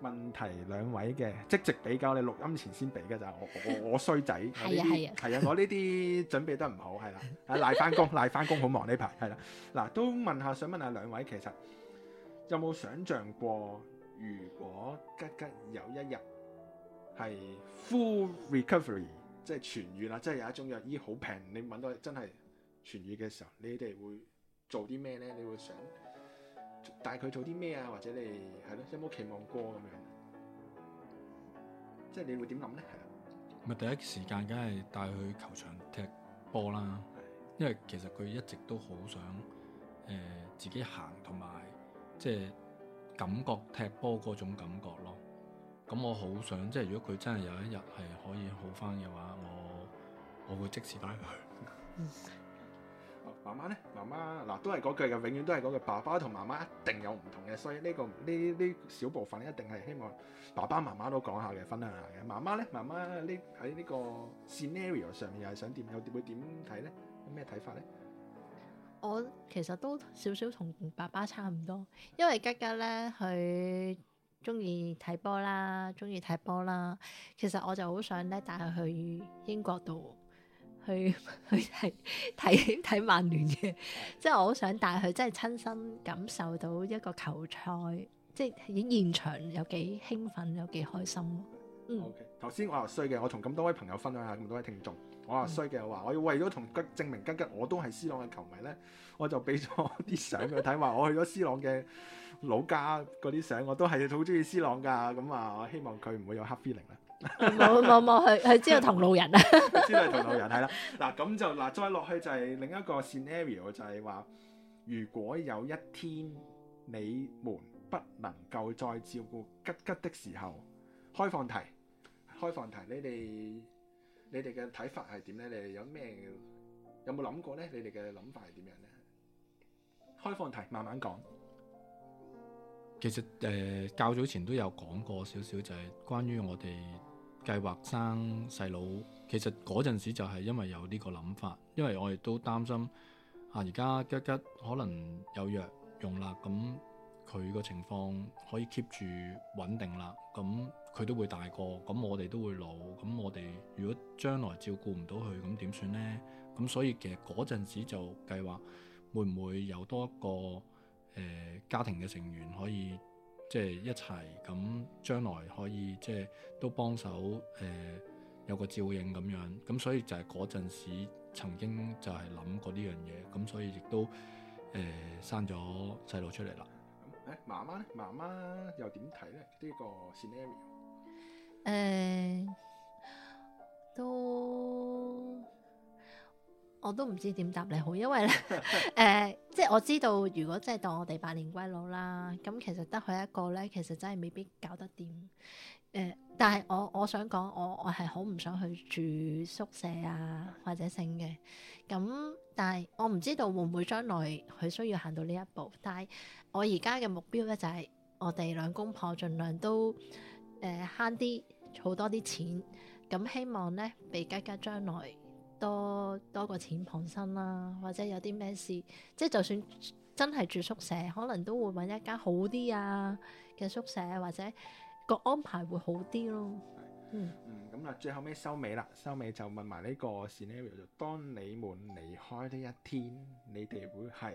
問題兩位嘅，即係比較，你錄音前先俾嘅，就係我我我衰仔係啊係啊，係啊，啊 我呢啲準備得唔好係啦，賴翻工賴翻工好忙呢排係啦，嗱、啊、都問下，想問下兩位，其實有冇想象過，如果吉吉有一日係 full recovery，即係痊癒啦，即係有一種藥醫好平，你問到真係痊癒嘅時候，你哋會做啲咩咧？你會想？帶佢做啲咩啊？或者你係咯有冇期望過咁樣？即係你會點諗咧？係咪第一時間梗係帶佢去球場踢波啦？的因為其實佢一直都好想誒、呃、自己行同埋即係感覺踢波嗰種感覺咯。咁我好想即係如果佢真係有一日係可以好返嘅話，我我會即時帶佢去。 媽媽咧，媽媽嗱都係嗰句嘅，永遠都係嗰句。爸爸同媽媽一定有唔同嘅，所以呢、這個呢呢小部分一定係希望爸爸媽媽都講下嘅，分享下嘅。媽媽咧，媽媽呢喺呢個 scenario 上面又係想點，又會點睇咧？有咩睇法咧？我其實都少少同爸爸差唔多，因為吉吉咧佢中意睇波啦，中意睇波啦。其實我就好想咧帶佢去英國度。去去睇睇睇曼聯嘅，即係我好想帶佢，真係親身感受到一個球賽，即係喺現場有幾興奮，有幾開心。Okay. 嗯，頭先我又衰嘅，我同咁多位朋友分享下咁多位聽眾，我話衰嘅話，嗯、我要為咗同證明吉吉我都係 C 朗嘅球迷咧，我就俾咗啲相佢睇，話 我去咗 C 朗嘅老家嗰啲相，我都係好中意 C 朗噶，咁啊，我希望佢唔會有黑 feeling 啦。冇冇冇，佢佢 知道同路人啊， 知道同路人係啦。嗱咁，就嗱再落去就係另一個 scenario 就係話，如果有一天你們不能夠再照顧吉吉的時候，開放題，開放題，你哋你哋嘅睇法係點咧？你哋有咩有冇諗過咧？你哋嘅諗法係點樣咧？開放題，慢慢講。其實誒、呃，較早前都有講過少少，就係關於我哋，計劃生細佬，其實嗰陣時就係因為有呢個諗法，因為我哋都擔心啊，而家吉吉可能有藥用啦，咁佢個情況可以 keep 住穩定啦，咁佢都會大個，咁我哋都會老，咁我哋如果將來照顧唔到佢，咁點算呢？咁所以其實嗰陣時就計劃會唔會有多一個誒、呃、家庭嘅成員可以？即係一齊咁，將來可以即係都幫手誒、呃，有個照應咁樣。咁、嗯、所以就係嗰陣時曾經就係諗過呢樣嘢。咁、嗯、所以亦都誒、呃、生咗細路出嚟啦。咁誒、哎，媽媽咧，媽媽又點睇咧？呢、呢個 scenario 誒、哎、都。我都唔知點答你好，因為咧，誒、 呃，即係我知道，如果真係當我哋百年歸老啦，咁其實得佢一個咧，其實真係未必搞得掂。誒、呃，但係我我想講，我我係好唔想去住宿舍啊，或者性嘅。咁，但係我唔知道會唔會將來佢需要行到呢一步。但係我而家嘅目標咧就係我哋兩公婆盡量都誒慳啲，儲、呃、多啲錢。咁希望咧，俾吉吉將來。多多個錢傍身啦、啊，或者有啲咩事，即係就算真係住宿舍，可能都會揾一間好啲啊嘅宿舍，或者個安排會好啲咯。的嗯咁啦、嗯嗯，最後尾收尾啦，收尾就問埋呢個 scenario，當你們離開呢一天，你哋會係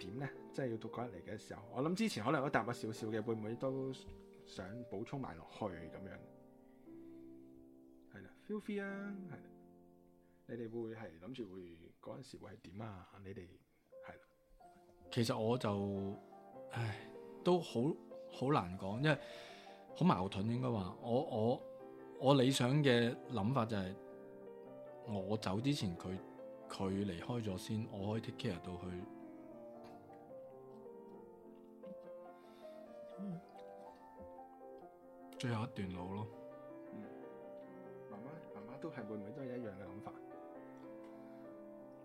點咧？即係要到嗰日嚟嘅時候，我諗之前可能都答咗少少嘅，會唔會都想補充埋落去咁樣？係啦 ，feel free 啊，係。你哋會係諗住會嗰陣時會係點啊？你哋係，其實我就，唉，都好好難講，因為好矛盾，應該話我我我理想嘅諗法就係、是、我走之前佢佢離開咗先，我可以 take care 到去最後一段路咯。嗯，媽媽媽媽都係會唔會？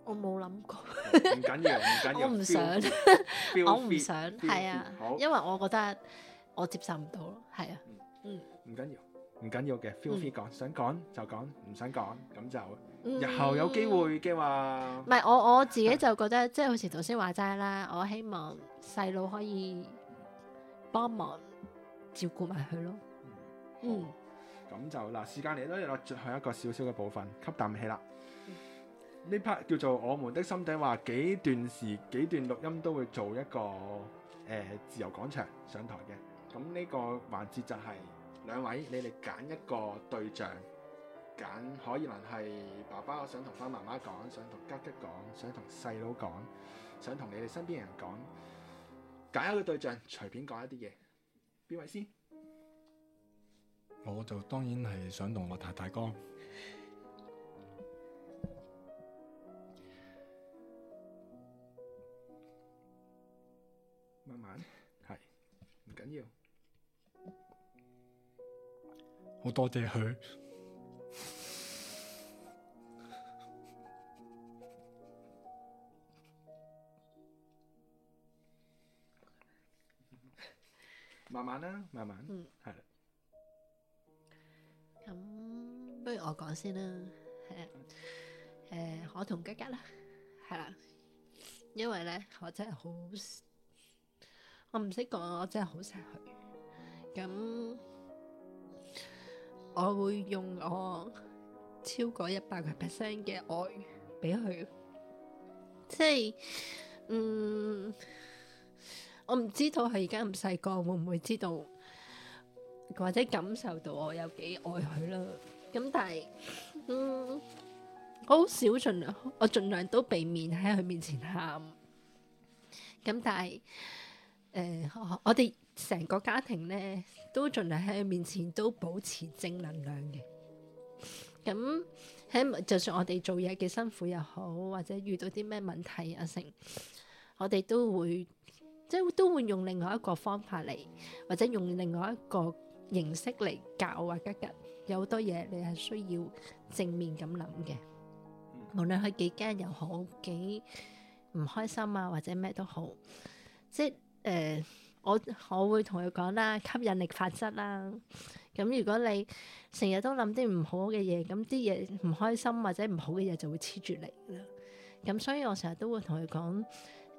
我冇諗過，唔緊要，唔緊要。我唔想，我唔想，係啊，因為我覺得我接受唔到咯，係啊，嗯，唔緊要，唔緊要嘅，feel free 講，想講就講，唔想講咁就，日後有機會嘅話，唔係我我自己就覺得，即係好似頭先話齋啦，我希望細佬可以幫忙照顧埋佢咯，嗯，咁就嗱，時間嚟到，又最後一個小小嘅部分，吸啖氣啦。呢 part 叫做我們的心底話，幾段時幾段錄音都會做一個誒、呃、自由廣場上台嘅。咁呢個環節就係、是、兩位，你哋揀一個對象，揀可以能係爸爸，我想同翻媽媽講，想同吉吉講，想同細佬講，想同你哋身邊人講，揀一個對象，隨便講一啲嘢。邊位先？我就當然係想同我太太講。慢慢係唔緊要，好多謝佢慢慢啦，慢慢係啦。咁不如我講先啦，係誒，我同吉吉啦，係啦，因為咧我真係好。我唔識講，我真係好錫佢。咁我會用我超過一百個 percent 嘅愛俾佢。即係，嗯，我唔知道佢而家咁細個會唔會知道，或者感受到我有幾愛佢啦。咁但係，嗯，我好少盡量，我盡量都避免喺佢面前喊。咁但係。誒、呃，我哋成個家庭咧，都盡量喺佢面前都保持正能量嘅。咁 喺、嗯，就算我哋做嘢幾辛苦又好，或者遇到啲咩問題啊，成我哋都會，即係都會用另外一個方法嚟，或者用另外一個形式嚟教啊吉吉。有好多嘢你係需要正面咁諗嘅，無論佢幾驚又好，幾唔開心啊，或者咩都好，即係。誒、呃，我我會同佢講啦，吸引力法則啦。咁如果你成日都諗啲唔好嘅嘢，咁啲嘢唔開心或者唔好嘅嘢就會黐住你啦。咁所以我成日都會同佢講，誒、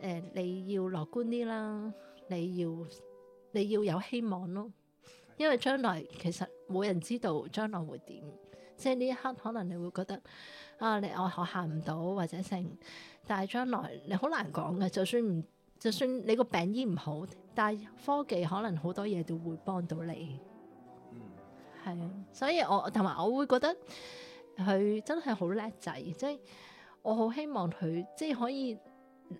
呃，你要樂觀啲啦，你要你要有希望咯。因為將來其實冇人知道將來會點，即係呢一刻可能你會覺得啊，你我我行唔到或者成，但係將來你好難講嘅，就算唔。就算你個病醫唔好，但係科技可能好多嘢都會幫到你。嗯，係啊，所以我同埋我會覺得佢真係好叻仔，即係我好希望佢即係可以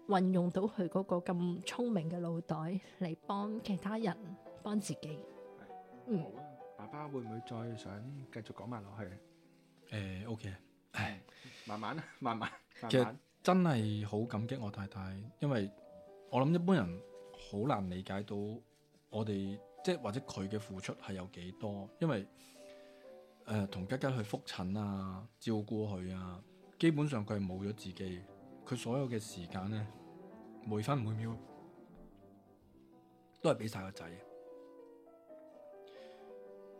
運用到佢嗰個咁聰明嘅腦袋嚟幫其他人，幫自己。嗯，嗯，爸爸會唔會再想繼續講埋落去？誒，O K，慢慢啊，慢慢。慢慢 其實真係好感激我太太，因為。我諗一般人好難理解到我哋即係或者佢嘅付出係有幾多，因為誒同、呃、吉吉去復診啊、照顧佢啊，基本上佢係冇咗自己，佢所有嘅時間咧，每分每秒都係俾晒個仔。誒、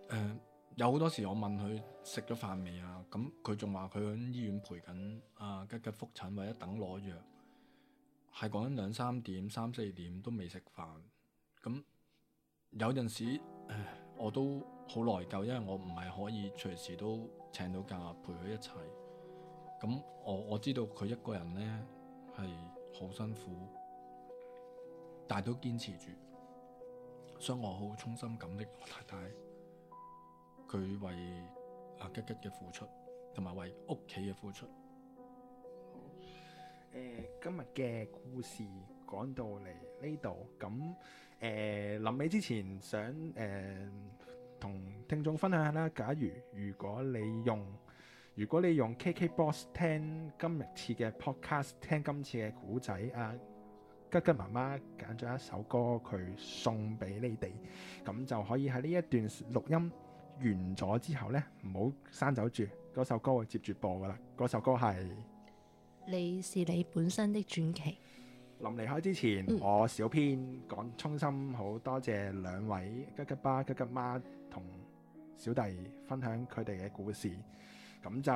呃，有好多時我問佢食咗飯未啊，咁佢仲話佢喺醫院陪緊阿、啊、吉吉復診或者等攞藥。係講緊兩三點、三四點都未食飯，咁有陣時誒我都好內疚，因為我唔係可以隨時都請到假陪佢一齊。咁我我知道佢一個人呢係好辛苦，但係都堅持住，所以我好衷心感激我太太，佢為阿吉吉嘅付出，同埋為屋企嘅付出。誒今日嘅故事講到嚟呢度，咁誒臨尾之前想誒、呃、同聽眾分享下啦。假如如果你用如果你用 KKBOX 聽今次嘅 podcast，聽今次嘅古仔，阿、啊、吉吉媽媽揀咗一首歌，佢送俾你哋，咁就可以喺呢一段錄音完咗之後呢，唔好刪走住嗰首歌會接，接住播噶啦。嗰首歌係～你是你本身的傳奇。臨離開之前，嗯、我小編講衷心好多謝兩位吉吉爸、吉吉媽同小弟分享佢哋嘅故事。咁就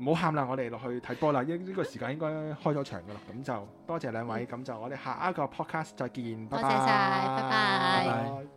唔好喊啦，我哋落去睇波啦。呢呢 個時間應該開咗場噶啦。咁就多謝兩位，咁、嗯、就我哋下一個 podcast 再見。多謝晒，拜拜。拜拜拜拜。